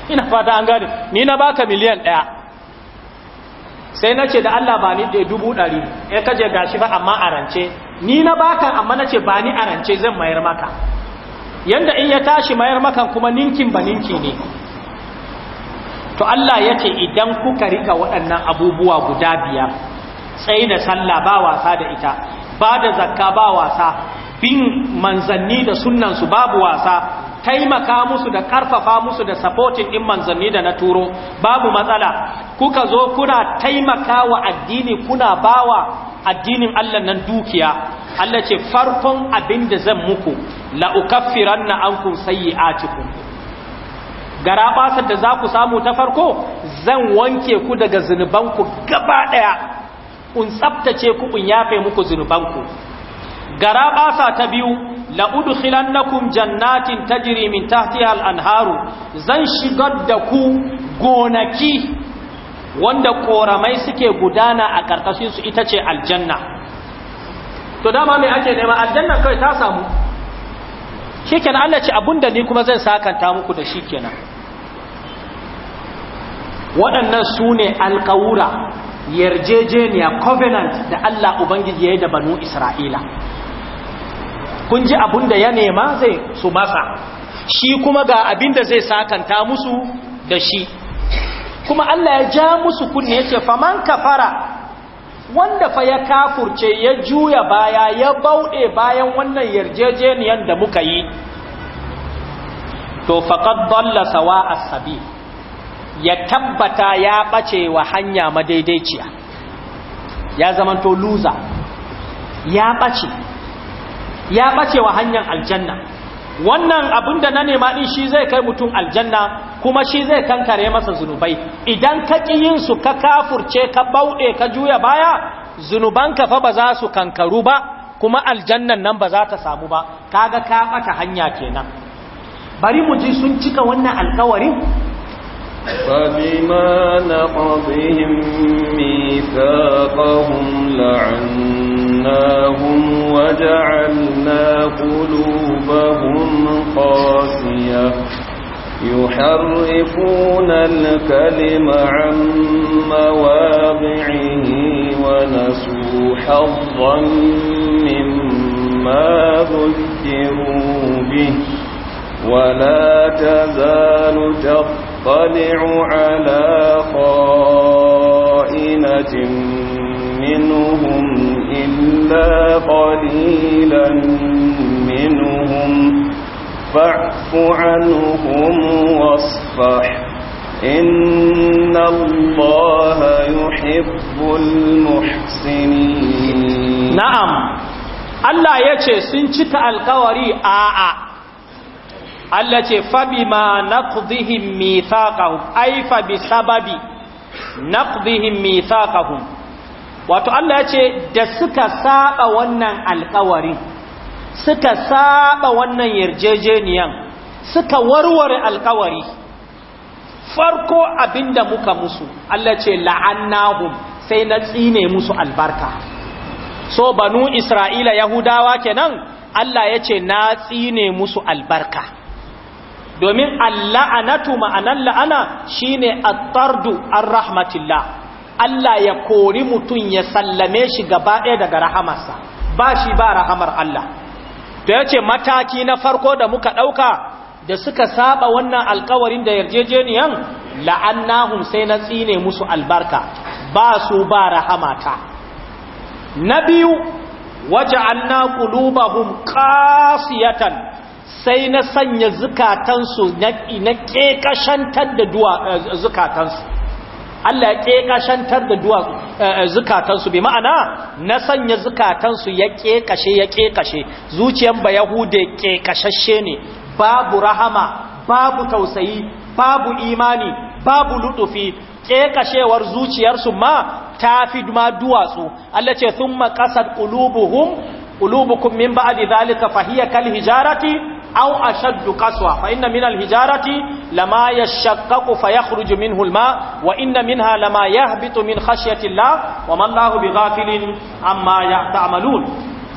ina fata an gane ni na baka miliyan ɗaya sai na ce da Allah ba ni ɗaya dubu ɗari ya eh, kaje gashi ba amma a rance ni na baka amma na ce ba ni a rance zan mayar maka yanda in ya tashi mayar makan kuma ninkin ba ninki ne to Allah ya ce idan kuka rika waɗannan abubuwa guda biyar tsaye da sallah ba wasa da ita ba da zakka ba wasa bin manzanni da sunansu babu wasa taimaka musu da karfafa musu da supportin din manzanni da na turo babu matsala kuka zo kuna taimaka wa addini kuna bawa addinin Allah nan dukiya Allah ce farkon abin da zan muku la ukaffiranna ankum sayyi'atikum gara basar da za ku samu ta farko zan wanke ku daga zunubanku gaba ɗaya in tsabtace ku in yafe muku zunubanku gara basa ta biyu khilannakum jannatin tajri min tahtiha al-anharu zan shigar da ku gonaki wanda koramai suke gudana a karkashin su ita ce aljanna to dama me ake nema aljanna kai ta samu shikenan Allah ce abunda ni kuma zan sakanta muku da shikenan waɗannan su ne alƙawura yarjejeniya covenant da Allah Ubangiji ya yi da banu Isra'ila kun ji abin da ya nema zai su masa shi kuma ga abin da zai sakanta musu da shi kuma Allah ya ja musu kunne ya ce faman kafara wanda fa ya kafurce ya juya baya ya bauɗe bayan wannan yarjejeniyan da muka yi to faƙad dalla sawa a sabi ya tabbata ya ɓace wa hanya madaidaiciya ya to luza ya ɓace ya ɓace wa hanyar aljanna wannan abin da na nema ɗin shi zai kai mutum aljanna kuma shi zai kankare masa zunubai idan ka su ka kafurce ka bauɗe ka juya baya ka fa ba za su kankaru ba kuma aljannan nan ba za ta samu ba kaga ka ɓata hanya kenan bari mu ji sun cika wannan alkawarin فبما نقضهم ميثاقهم لعناهم وجعلنا قلوبهم قاسية يحرفون الكلم عن مواضعه ونسوا حظا مما ذكروا به ولا تزال تطلع يطلع على خائنة منهم إلا قليلا منهم فاعف عنهم واصفح إن الله يحب المحسنين نعم Allah ya ce sun cika alkawari a'a Allah ce fabi ma naqdihim mithaqahum ai fa bi sababi naqdihim mithaqahum wato Allah ya ce da suka saba wannan alƙawarin suka saba wannan yarjejeniyan suka warware alƙawari farko abinda muka musu Allah ce la'annahum sai na tsine musu albarka so banu isra'ila yahudawa kenan Allah ya ce na tsine musu albarka domin alla'anatu ma'anan la'ana shine at-tardu an rahmatillah Allah ya kori mutum ya sallame shi gaba ɗaya daga rahamarsa ba shi ba rahamar Allah to yace mataki na farko da muka ɗauka da suka saba wannan alkawarin da yarjejeniyan la'annahum sai na tsine musu albarka ba su ba rahamata na biyu waje na qulubahum ƙasiyatan sai na sanya zukatansu na ƙeƙashantar da eh, zukatansu Allah ya ƙeƙashantar da eh, zukatansu bi ma'ana na sanya zukatansu ya ƙeƙashe ya ƙeƙashe zuciyan ba yahude ƙeƙashashe ne babu rahama babu tausayi babu imani babu lutufi ƙeƙashewar zuciyarsu ma ta fi ma duwatsu Allah ce sun maƙasar ƙulubuhum ƙulubukum min ba'adi zalika fahiyya kal hijarati aw ashaddu qaswa fa inna min alhijarati lama yashaqqaqu fayakhruju minhu alma wa inna minha lama yahbitu min khashyati llah wa ma Allahu bighafilin amma ta'malun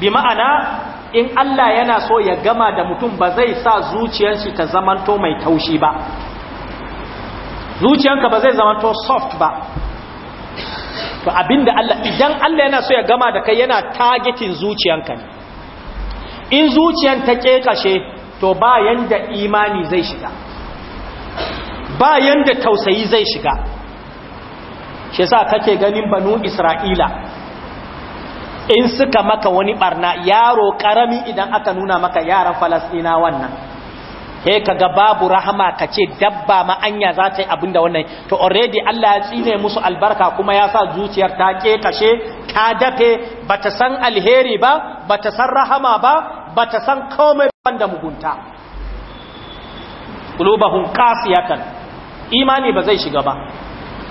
bi ma'ana in Allah yana so ya gama da mutum ba zai sa zuciyarsa ta zamanto mai taushi ba zuciyanka ba zai zamanto soft ba to abinda Allah idan Allah yana so ya gama da kai yana targeting zuciyanka ne in zuciyan ta kekashe to ba yanda imani zai shiga ba yanda tausayi zai shiga shi sa kake ganin banu isra'ila in suka maka wani barna yaro karami idan aka nuna maka yaran falasina wannan he ga babu rahama ka ce dabba ma'anya za ta yi abinda wannan to already Allah ya tsine musu albarka kuma ya sa zuciyar ta ke kashe ta dafe ba ta san alheri ba ta san rahama ba ta san komai da mugunta qulubahum qasiyatan imani ba zai shiga ba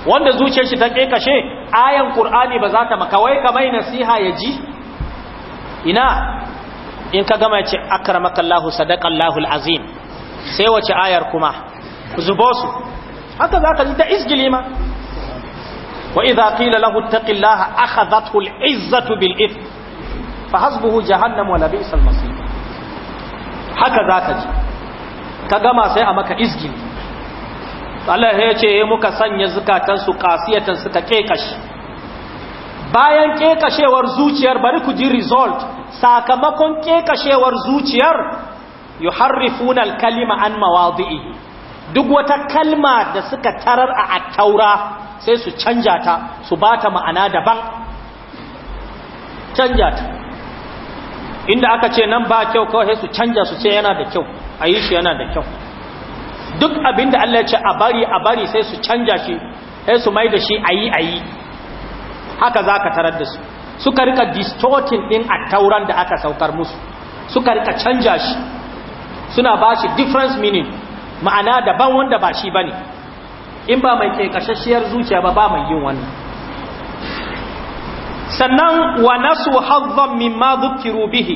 wanda zuciyar shi ta kekashe ayan ƙur'ani ba za ta maka ka kamai nasiha ya ji ina in ka gama ce akramakallahu sadaqallahu azim sai wace ayar kuma zubo su haka za ka ji ta isgili ma wa idza qila lahu taqillaha akhadhathu alizzatu bil fa hasbuhu jahannam wa labisal masir haka za ka ji ka gama sai a maka izgini Allah ya ce eh, muka sanya zukatansu kasiyatan suka kekashi bayan kekashewar zuciyar bari ku ji result sakamakon kekashewar zuciyar yuharrifuna al-kalima an mawadi'i duk wata kalma da suka tarar a attaura sai su canja ta su bata ma'ana daban canja ta inda aka ce nan ba kyau kawai su canja su ce yana da kyau a yi shi yana da kyau duk abin da Allah ya ce a bari a bari sai su canja shi sai su mai da shi a yi a yi haka za ka tarar da su suka rika distorting ɗin a tauran da aka saukar musu suka rika canja shi suna ba shi difference meaning ma'ana daban wanda ba shi bane in ba mai kekashashiyar zuciya ba ba mai yin wannan sannan wa nasu hazzan mimma dhukiru bihi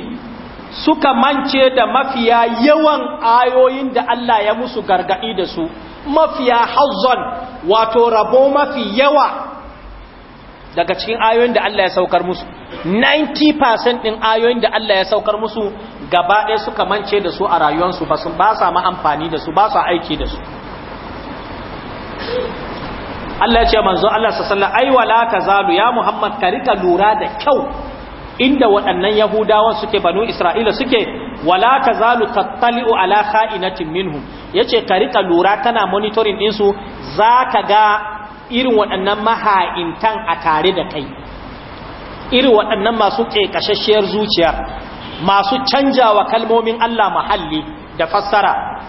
suka mance da mafiya yawan ayoyin da Allah ya musu gargadi da su mafiya hazzan wato rabo mafi yawa daga cikin ayoyin da Allah ya saukar musu 90% din ayoyin da Allah ya saukar musu gaba ɗaya suka mance da su a rayuwarsu ba su ba sa ma amfani da su ba sa aiki da su Allah ya ce manzo Allah sallallahu ai wala tazalu ya Muhammad ka rika lura da kyau inda waɗannan Yahudawa suke banu Isra'ila suke wala tazalu tattali'u ala kha'inatin minhum yace ka rika lura kana monitoring din su zaka ga irin waɗannan maha'intan a tare da kai irin waɗannan masu ƙeƙashashiyar zuciya masu canjawa kalmomin Allah mahalli da fassara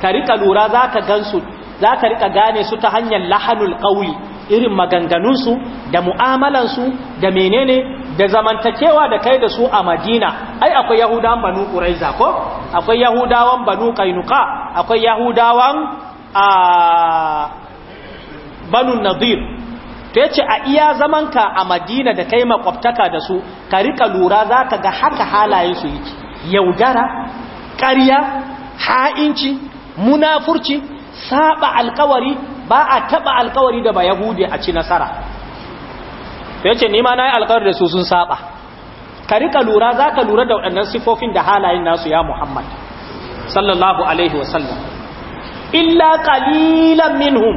ka rika lura zaka gansu za ka rika gane su ta hanyar lahanul ƙauli irin maganganunsu da mu'amalansu da menene da zamantakewa da kai da su a madina ai akwai yahudawan banu ƙuraiza ko akwai yahudawan banu kainuka akwai yahudawan a banu nadir to yace a iya zamanka a madina da kai makwabtaka da su ka rika lura za ka ga haka halayensu yake yaudara ƙarya ha'inci munafurci saba alkawari ba a taba alkawari da ba yahudi a ci nasara ya ce nima na yi alkawari da su sun saba ka rika lura za ka lura da waɗannan sifofin da halayen nasu ya muhammad sallallahu alaihi wasallam illa ƙalilan minhum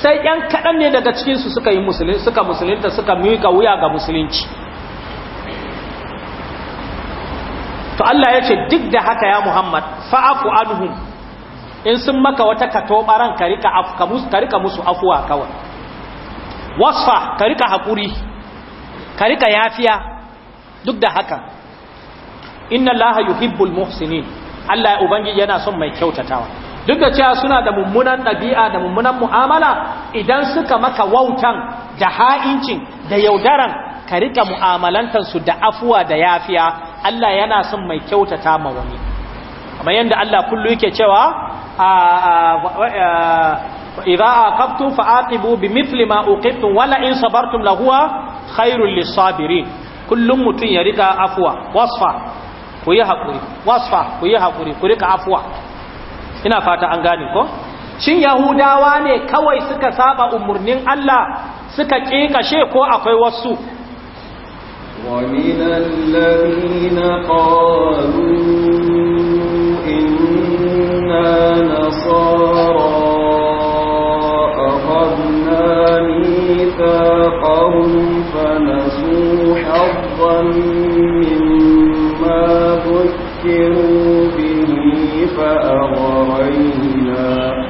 sai yan kaɗan ne daga cikinsu suka yi musulunci suka musulunta suka miƙa wuya ga musulunci to Allah ya ce duk da haka ya muhammad fa'afu anhum in sun maka wata katobaran ka rika musu afuwa kawai wasfa ka rika hakuri ka rika yafiya duk da haka inna laha yuhibbul muhsinin Allah ubangiji yana son mai kyautatawa duk da cewa suna da mummunan ɗabi'a da mummunan mu'amala idan suka maka wautan da ha'incin da yaudaran ka rika mu'amalantansu da afuwa da yafiya Allah yana son mai kyautata ma wani kamar yadda Allah kullu yake cewa idza aqabtum fa'aqibu bimithli ma uqibtum kullum mutun ina fata an gane ko shin yahudawa ne kawai suka saba umurnin Allah suka kekashe ko akwai wasu ومن الذين قالوا النصارى أخذنا ميثاقهم فنسوا حظا مما ذكروا به فأغرينا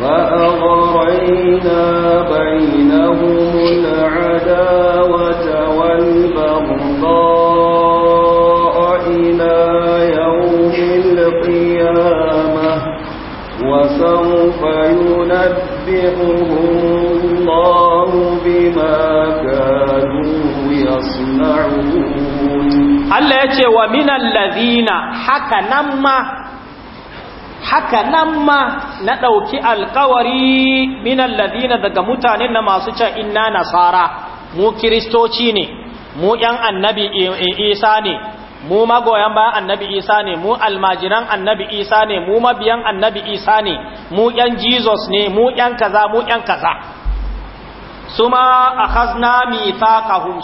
فأغرينا بينهم العداوة wa minan lazina haka nan ma haka nan ma na ɗauki alkawari minan lazina daga mutanen na masu can ina nasara mu kiristoci ne mu ƴan annabi isa ne mu magoyan bayan annabi isa ne mu almajiran annabi isa ne mu mabiyan annabi isa ne mu ƴan jesus ne mu ƴan kaza mu ƴan kaza su ma a hazna mi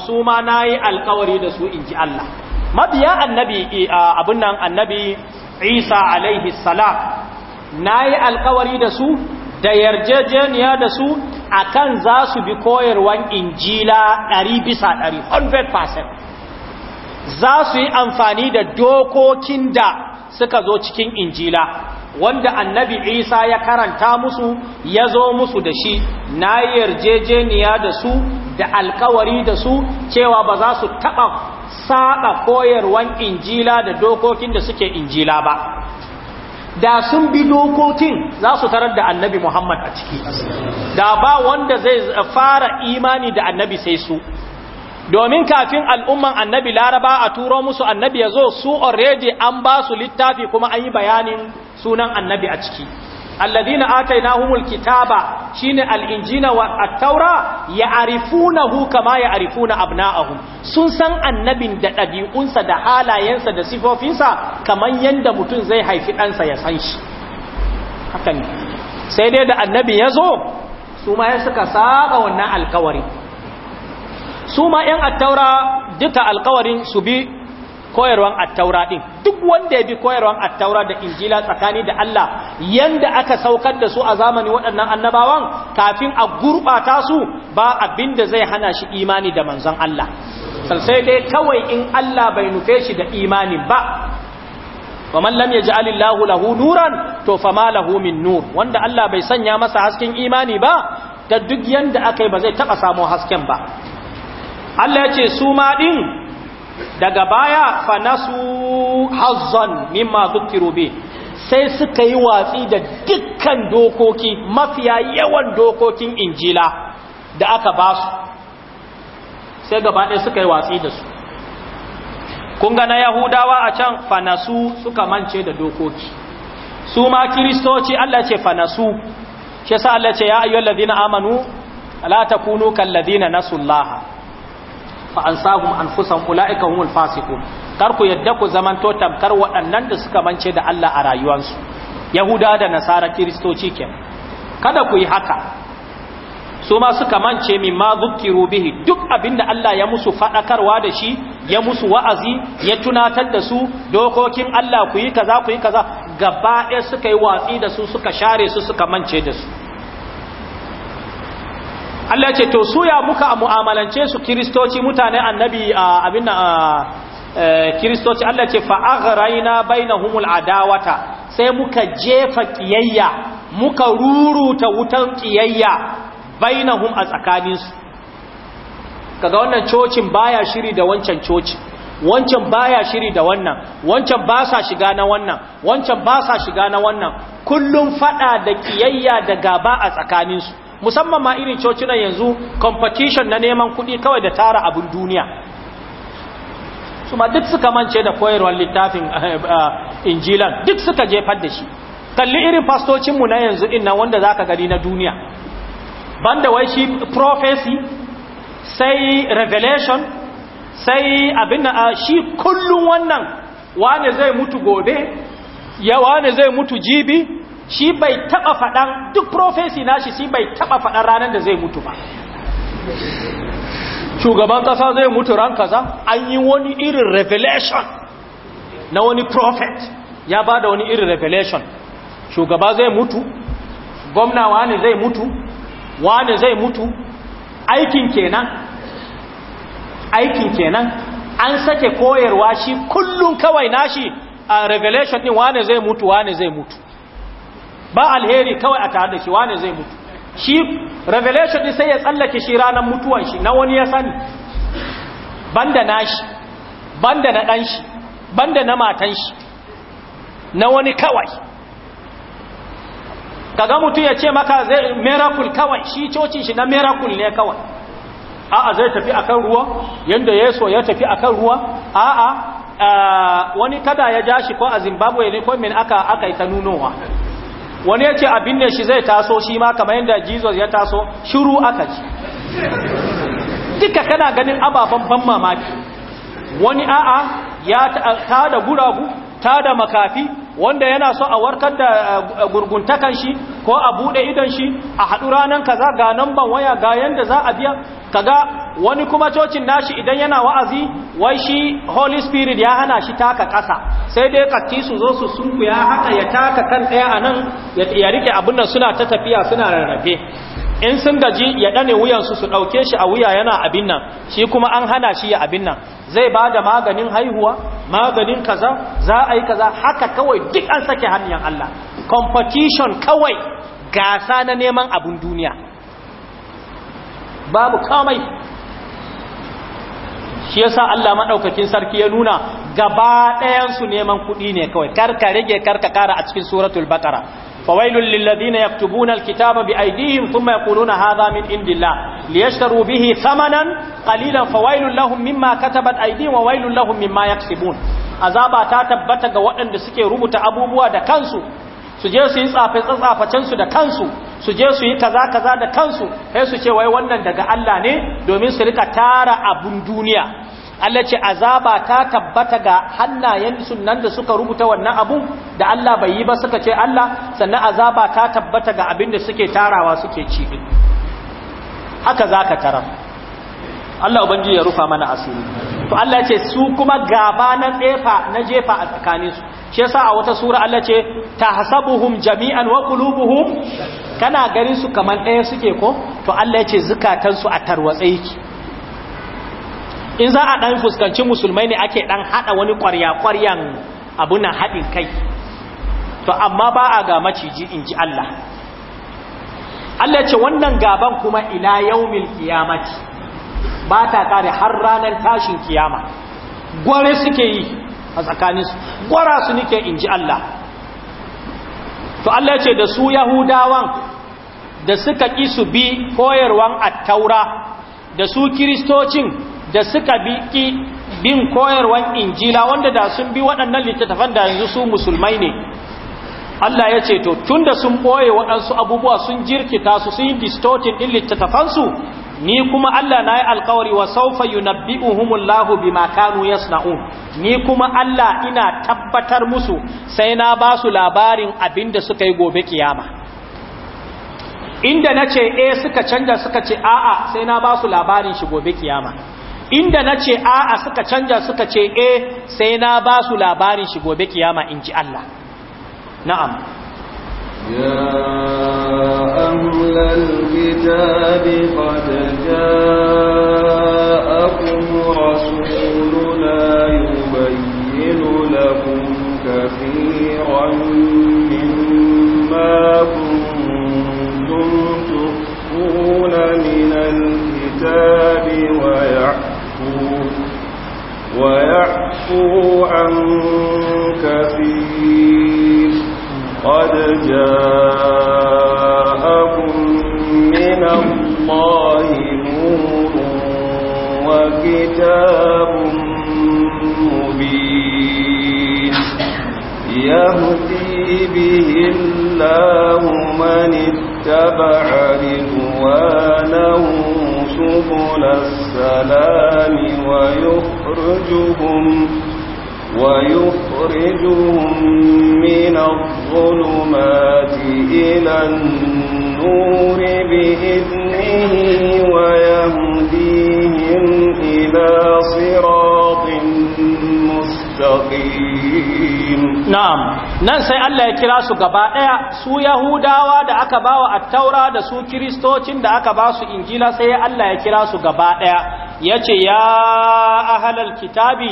su ma na yi alkawari da su in ji Allah mabiya annabi abin nan annabi isa alaihi salam na yi alkawari da su da yarjejeniya da su akan za su bi koyarwan injila 100 bisa 100% za su yi amfani da dokokin da suka zo cikin injila wanda annabi isa ya karanta musu ya zo musu da shi na yarjejeniya da su da alkawari da su cewa ba za su taɓa saɓa koyarwan injila da dokokin da suke injila ba da sun bi dokokin za su tarar da annabi muhammad a ciki da ba wanda zai fara imani da annabi sai su domin kafin al'umman annabi laraba a turo musu annabi ya zo su already an ba su littafi kuma an yi bayanin sunan annabi a ciki alladina atainahumul kitaba shine al-injila wa at-taura ya'rifunahu kama na abna'ahum sun san annabin da ɗabi'unsa da halayensa da sifofinsa kaman yadda mutum zai haifi ɗansa ya san shi hakan sai dai da annabi zo su ma ya suka saba wannan alkawari su ma ‘yan attaura duka alkawarin su bi koyarwan attaura ɗin duk wanda ya bi koyarwan attaura da injila tsakani da Allah yanda aka saukar da su a zamani waɗannan annabawan kafin a gurɓata su ba abin da zai hana shi imani da manzon Allah sai dai kawai in Allah bai nufe shi da imanin ba faman lam yaj'al Allahu lahu nuran to fama lahu min nur wanda Allah bai sanya masa hasken imani ba da duk yanda yi ba zai taba samu hasken ba Allah ya ce su ma ɗin daga baya fanasu hazzan mimma zukiru bi sai suka yi watsi da dukkan dokoki mafiya yawan dokokin injila da aka ba su sai gaba ɗaya suka yi watsi da su kun ga na yahudawa a can fanasu suka mance da dokoki su ma kiristoci Allah ce fanasu shi sa Allah ce ya ayyuhallazina amanu la takunu kallazina nasullaha fa ansahum anfusahum ulaika humul fasiqun kar ku yadda ku zamanto tamkar waɗannan da suka mance da Allah a rayuwarsu yahuda da nasara kiristoci ke kada ku yi haka su ma suka mance ma zukkiru bihi duk abinda Allah ya musu fadakarwa da shi ya musu wa'azi ya tunatar da su dokokin Allah ku yi kaza ku yi kaza gaba ɗaya suka yi watsi da su suka share su suka mance da su Allah ce to su ya muka mu'amalance su kiristoci mutane annabi abin e, kiristoci Allah ce fa'agharaina bainahumul adawata sai muka jefa kiyayya muka ruruta wutan kiyayya bainahum a tsakaninsu kaga wannan cocin baya shiri da wancan cocin wancan baya shiri da wannan wancan ba sa shiga na wannan wancan ba sa shiga na wannan kullum fada da kiyayya da gaba a tsakaninsu musamman ma irin cocinan yanzu competition na neman kuɗi kawai da tara abin duniya su duk suka mance da koyarwar littafin (laughs) eh, eh, injilan duk suka jefar da shi kalli irin fastocinmu na yanzu inna wanda za ka gani na duniya banda wai shi prophecy sai revelation sai abin ah, shi kullum wannan wane zai mutu gobe ya wane zai mutu jibi shi bai taba faɗan duk profesi nashi shi bai taba faɗan ranar da zai mutu ba shugaban kasa zai mutu ran kaza an yi wani irin revelation na wani prophet ya ba da wani irin revelation shugaba zai mutu gwamna wani zai mutu wani zai mutu aikin kenan aikin kenan an sake koyarwa shi kullum kawai nashi a revelation din wani zai mutu wani zai mutu ba alheri kawai a tare da shi wane zai mutu shi revelation din sai ya tsallake shi ranar mutuwan shi na wani ya sani banda nashi banda na dan shi banda na matan shi na wani kawai kaga mutum ya ce maka zai miracle kawai shi cocin shi na miracle ne kawai a'a zai tafi akan ruwa yanda yeso ya tafi akan ruwa a'a eh, wani kada ya ja shi ko a zimbabwe ne ko min aka aka yi ta nunowa wani ya ce abin ne shi zai taso shi ma kamar yadda jesus ya taso shiru aka ci. duka kana ganin ababen ban mamaki wani a'a ya ta da guragu ta da makafi wanda yana so a warkar da eh, gurguntakan shi ko a buɗe idon shi a haɗu ranar kaza ga nan ban waya ga yadda za a biya ka ga. wani kuma cocin nashi idan yana wa'azi wai shi holy spirit ya hana shi taka ƙasa sai dai katti su zo su sunku ya haka ya taka kan ɗaya a nan ya rike abun nan suna ta tafiya suna rarrafe in sun gaji ya ɗane wuyansu su ɗauke shi a wuya yana abin nan shi kuma an hana shi ya abin nan zai ba da maganin haihuwa maganin kaza za a yi kaza haka kawai duk an sake hanyar Allah competition kawai gasa na neman abin duniya babu kamai shi yasa Allah madaukakin sarki ya nuna gaba ɗayan su neman kuɗi ne kawai karka rage karka kara a cikin suratul baqara fawailul lil ladina yaktubuna alkitaba bi aydihim thumma yaquluna hadha min indillah liyashtaru bihi thamanan qalilan fawailul lahum mimma katabat aydihim wa wailul lahum mimma yaksibun azaba ta tabbata ga waɗanda suke rubuta abubuwa da kansu su je su yi tsafe tsatsafacen su da kansu su je su yi kaza kaza da kansu sai su ce wai wannan daga Allah ne domin su rika tara abun duniya Allah ce azaba ta tabbata ga hannayen sunan da suka rubuta wannan abu, da Allah bai yi ba suka ce Allah sannan azaba ta tabbata ga abin da suke tarawa suke ci haka zaka tara Allah ubangiji ya rufa mana asiri to Allah ce su kuma gaba na tsefa na jefa a tsakaninsu shi yasa a wata sura Allah ce tahsabuhum jami'an wa qulubuhum kana garin su kaman ɗaya suke ko to Allah ya ce zukatan su a tarwatsa yake in za a dan fuskanci musulmai ne ake dan hada wani ƙwarya ƙwaryan abun nan haɗin kai to amma ba a ga maciji in ji Allah Allah ce wannan gaban kuma ila yaumil qiyamati ba ta kare har ranar tashin kiyama gware suke yi a tsakaninsu gwara su nike in ji Allah to Allah ce da su yahudawan da suka ƙi su bi koyarwan attaura da su kiristocin da suka bi bin koyarwan injila wanda da sun bi waɗannan littattafan da yanzu su musulmai ne Allah ya ce to tunda sun ɓoye waɗansu abubuwa sun jirkita su sun yi distortin ɗin littattafansu ni kuma Allah na yi alkawari wa saufa humullahu bima kanu yasna'un ni kuma Allah ina tabbatar musu sai na ba su labarin abinda suka yi gobe kiyama inda nace eh suka canja suka ce a'a sai na ba su labarin shi gobe kiyama inda nace a'a suka canja suka ce eh sai na ba su labarin shi gobe kiyama inji Allah na'am يا أهل الكتاب قد جاءكم رسولنا يبين لكم كثيرا مما كنتم تخفون من الكتاب ويعفو ويعفو عن كثير قد جاءكم من الله نور وكتاب مبين يهدي به الله من اتبع رضوانه سبل السلام ويخرجهم ويخرجهم من الظلام الظلمات إلى النور بإذنه ويهديهم إلى صراط mustaqim na'am nan sai Allah ya kira su gaba daya su yahudawa da aka bawa attaura da su kristocin da aka basu injila sai Allah ya kira su gaba daya yace ya ahlal kitabi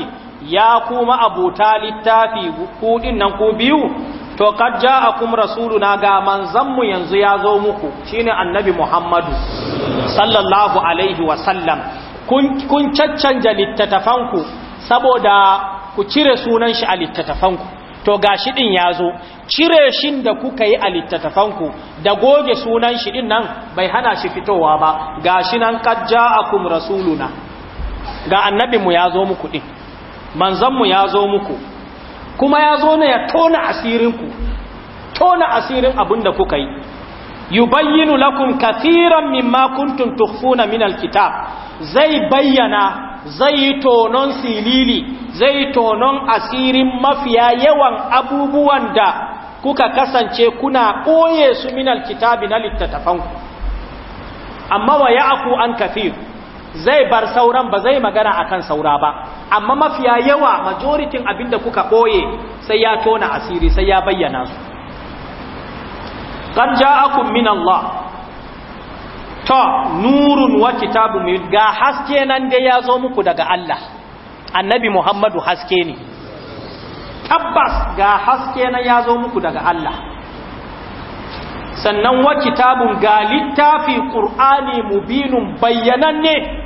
ya kuma abuta littafi ku nan ku biyu to kad ja'akum rasuluna ga manzanmu yanzu ya zo muku shine annabi Muhammadu sallallahu alaihi wa sallam kun kun caccanja littattafanku saboda ku cire sunan shi a littattafanku to gashi din ya zo cire shin da kuka yi a littattafanku da goge sunan shi din nan bai hana shi fitowa ba gashi nan kad ja'akum rasuluna ga annabinmu ya zo muku din manzanmu ya zo muku kuma ya zo ne ya tona asirinku tona asirin abun da kuka yi yubayyinu lakum kathiran mimma kuntum tukhfuna min alkitab zai bayyana zai tonon silili zai tonon asirin mafiya yawan abubuwan da kuka kasance kuna ɓoye su min na littattafanku amma wa ya'ku an kathir zai bar sauran ba zai magana akan saura ba amma mafiya yawa majoritin abinda kuka boye sai ya tona asiri sai ya bayyana su kan ja'akum min Allah to nurun wa kitabun ga haske nan dai ya zo muku daga Allah annabi Muhammadu haske ne tabbas ga haske nan ya zo muku daga Allah sannan wa kitabun ga littafi qur'ani mubinun bayyananne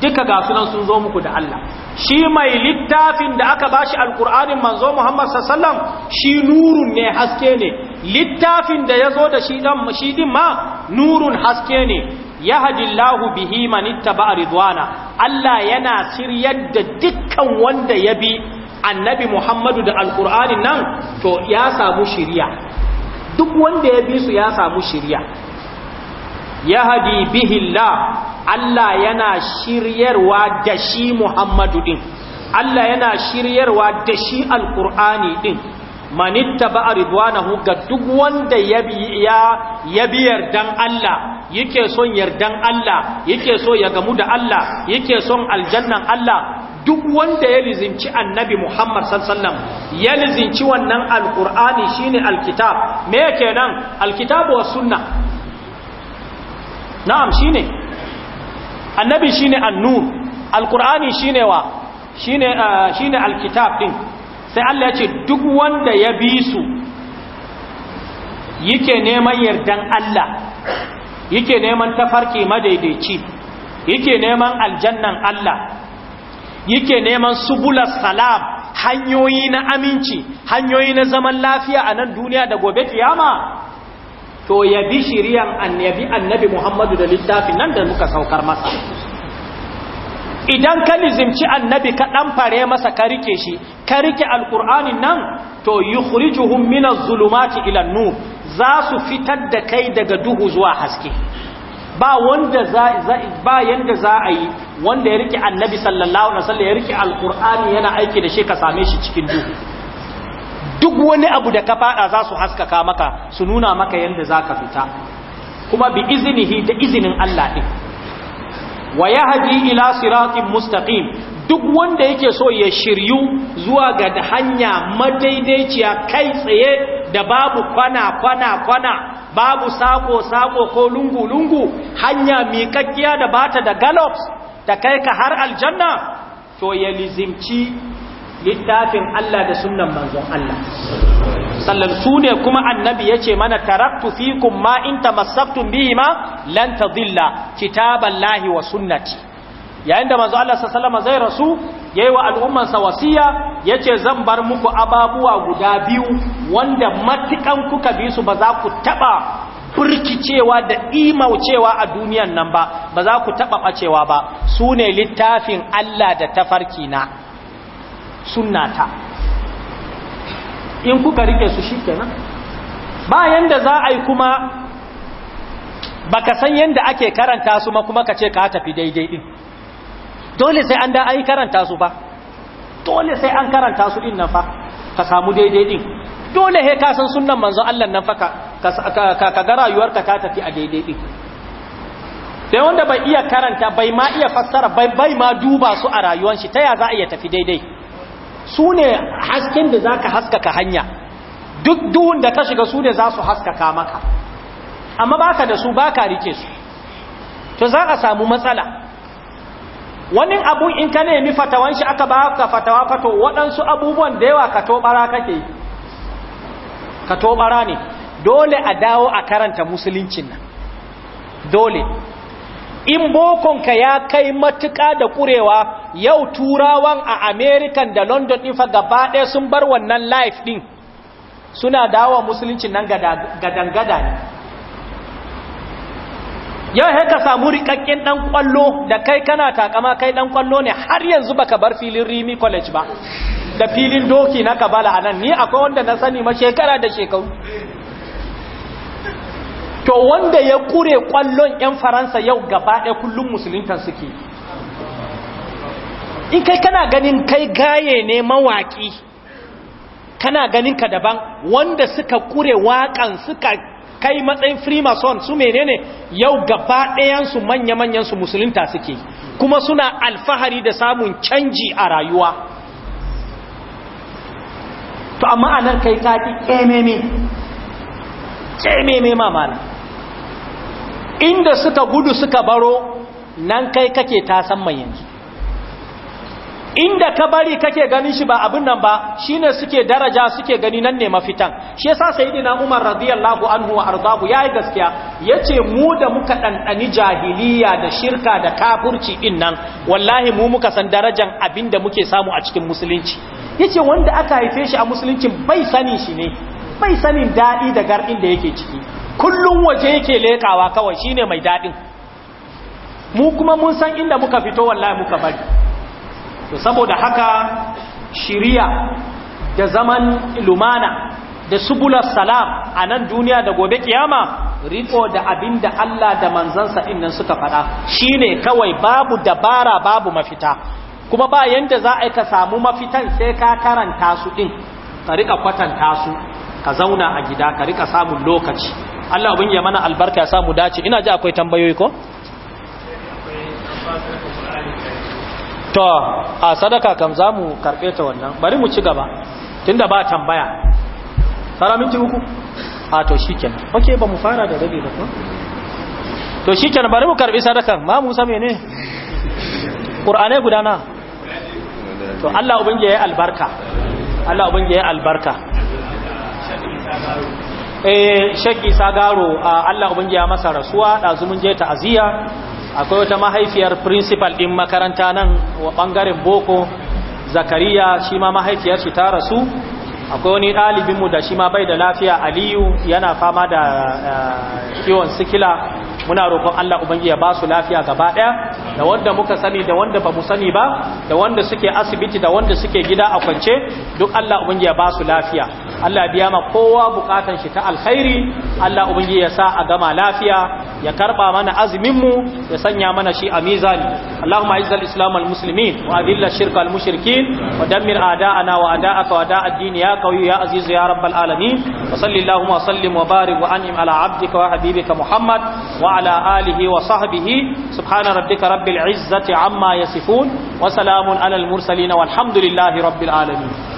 duka ga sunan sun zo muku da Allah shi mai littafin da aka bashi alkur'anin manzo Muhammad sallam shi nurun ne haske ne littafin da yazo da shi dan shi din ma nurun haske ne yahdillahu bihi man ittaba ridwana Allah yana shiryar da dukkan wanda ya bi annabi Muhammadu da alkur'anin nan to ya samu shiriya duk wanda ya bisu su ya samu shiriya yahdi bihi Allah Allah yana shiryarwa da shi Muhammadu din Allah yana shiryarwa da shi alkur'ani din manitta ba a ridwanahu ga duk wanda ya bi yardan Allah yake son yardan Allah yake so ya gamu da Allah yake son aljannan Allah duk wanda ya lizinci annabi Muhammad sallallahu ya lizinci wannan alkur'ani shine alkitab me kenan alkitabu was sunna na'am shine annabi shine annun alqur'ani shine wa shine uh, alkitab ɗin sai Allah ya ce duk wanda ya bi su yake neman yardan Allah yake neman tafarki madaidaici yake neman aljannan Allah yake neman subula salam hanyoyi na aminci hanyoyi na zaman lafiya a nan duniya da gobe kiyama to ya bi shiriyan annabi annabi Muhammadu da littafin nan da muka saukar masa idan ka nizimci annabi ka ɗan fare masa ka rike shi ka rike alƙur'anin nan to yi hurijuhun minar zulumati ilannu za su fitar da kai daga duhu zuwa haske ba wanda ba yanda za a yi wanda ya rike annabi sallallahu alaihi wasallam ya rike alƙur'ani yana aiki da shi ka same shi cikin duhu duk wani abu da ka fada za su haskaka maka su nuna maka yadda za ka fita kuma bi izinihi da izinin Allah ɗin wa ya haji ila siratin mustaqim duk wanda yake so ya shiryu zuwa ga da hanya madaidaiciya kai tsaye da babu kwana kwana kwana babu sako sako ko lungu lungu hanya miƙaƙƙiya da bata da gallops ta kai ka har aljanna to ya lizimci littafin Allah da sunnan manzon Allah sallam su ne kuma annabi yace mana taraktu fikum ma in tamassaktum bihi ma lan tadilla kitaban wa sunnati yayin da manzo Allah sallallahu zai rasu yayi wa al'umman sa wasiya yace zan bar muku ababuwa guda biyu wanda matukan kuka bi su ba za ku taba furkicewa da imaucewa a duniyan nan ba ba za ku taba bacewa ba su ne littafin Allah da tafarki na sunnata in kuka rike su shi kenan bayan da za a yi kuma baka san yadda ake karanta su ma kuma ka ce ka tafi daidai din dole sai an da an karanta su ba dole sai an karanta su din nan fa ka samu daidai din dole he ka san sunnan manzon Allah nan fa ka ka ga rayuwarka ka tafi a daidai din sai wanda bai iya karanta bai ma iya fassara bai bai ma duba su a rayuwar shi ta ya za a iya tafi daidai su ne hasken da za ka haskaka hanya duk duhun da ta shiga su ne za su haskaka maka amma baka da su baka rike su to za a samu matsala wani abu in ka nemi fatawan shi aka baka fatawa fato waɗansu abubuwan da yawa ka tobara kake ka tobara ne dole a dawo a karanta musuluncin nan dole in ka ya kai matuka da ƙurewa yau turawan a american da london fa gaba ɗaya sun bar wannan life ɗin suna dawa musulunci nan gadangada ne yau haka samu rikakken ɗan kwallo da kai kana takama kai ɗan kwallo ne har yanzu baka bar filin rimi college ba da filin doki na kabala anan ni akwai wanda na sani ma shekara da shekaru to wanda ya kure kwallon 'yan faransa yau gaba ɗaya kullum musuluntan suke in kai kana ganin kai gaye ne mawaki kana ganin ka daban wanda suka kure waƙan suka kai matsayin freemason su menene yau gaba ɗayansu manya-manyansu musulunta suke kuma suna alfahari da samun canji a rayuwa to amma anar kai ƙi ƙememe ƙememe mamana inda suka gudu suka baro nan kai kake tasan mai yanzu inda ka bari kake ganin shi ba abin nan ba shine suke daraja suke gani nan ne mafitan shi yasa sayyidina Umar radiyallahu anhu wa ardahu yayi gaskiya yace mu da muka dandani jahiliya da shirka da kafirci din nan wallahi mu muka san darajan abinda muke samu a cikin musulunci yace wanda aka haife shi a musulunci bai sani shi ne bai sanin dadi da garin da yake ciki kullum waje yake lekawa kawai shine mai daɗin mu kuma mun san inda muka fito wallahi muka bari to saboda haka shiriya da zaman lumana da subula salam a nan duniya da gobe kiyama riko da abinda Allah da manzansa innan suka faɗa shine kawai babu dabara babu mafita kuma ba yanda za a ka samu mafitan sai ka karanta su ɗin ka rika kwatanta su ka zauna a gida ka rika samun lokaci Allah abin ya mana albarka ya samu dace ina ji akwai tambayoyi ko to a sadaka kam za mu karɓe ta wannan bari mu ci gaba tunda ba tambaya fara ci uku a to shikenan ok ba mu fara da rabi ba to shikenan bari mu karɓi sadaka, ma musa mene ƙur'anai gudana to Allah abin ya yi albarka Allah abin ya yi albarka eh garo a Allah ubangiji ya masa rasuwa ɗazu mun je ta'aziyya akwai wata mahaifiyar principal din makaranta nan wa bangaren boko zakariya shi ma mahaifiyar shi ta rasu akwai wani ɗalibinmu da shi ma bai da lafiya aliyu yana fama da kiwon eh, sikila muna roƙon Allah ubangi ya ba su lafiya gaba ɗaya da wanda muka sani da wanda ba mu sani ba da wanda suke asibiti da wanda suke gida a kwance duk Allah ubangi ya ba su lafiya Allah biya ma kowa bukatan shi ta alkhairi Allah ubangi ya sa a gama lafiya ya karba mana azumin ya sanya mana shi a mizani Allahumma izzal islam al muslimin wa adilla shirka al mushrikin wa dammir a'da'ana wa a'da'aka wa da'a din ya قوي يا عزيز يا رب العالمين وصل اللهم وسلم وبارك وأنعم على عبدك وحبيبك محمد وعلى آله وصحبه سبحان ربك رب العزة عما يصفون وسلام على المرسلين والحمد لله رب العالمين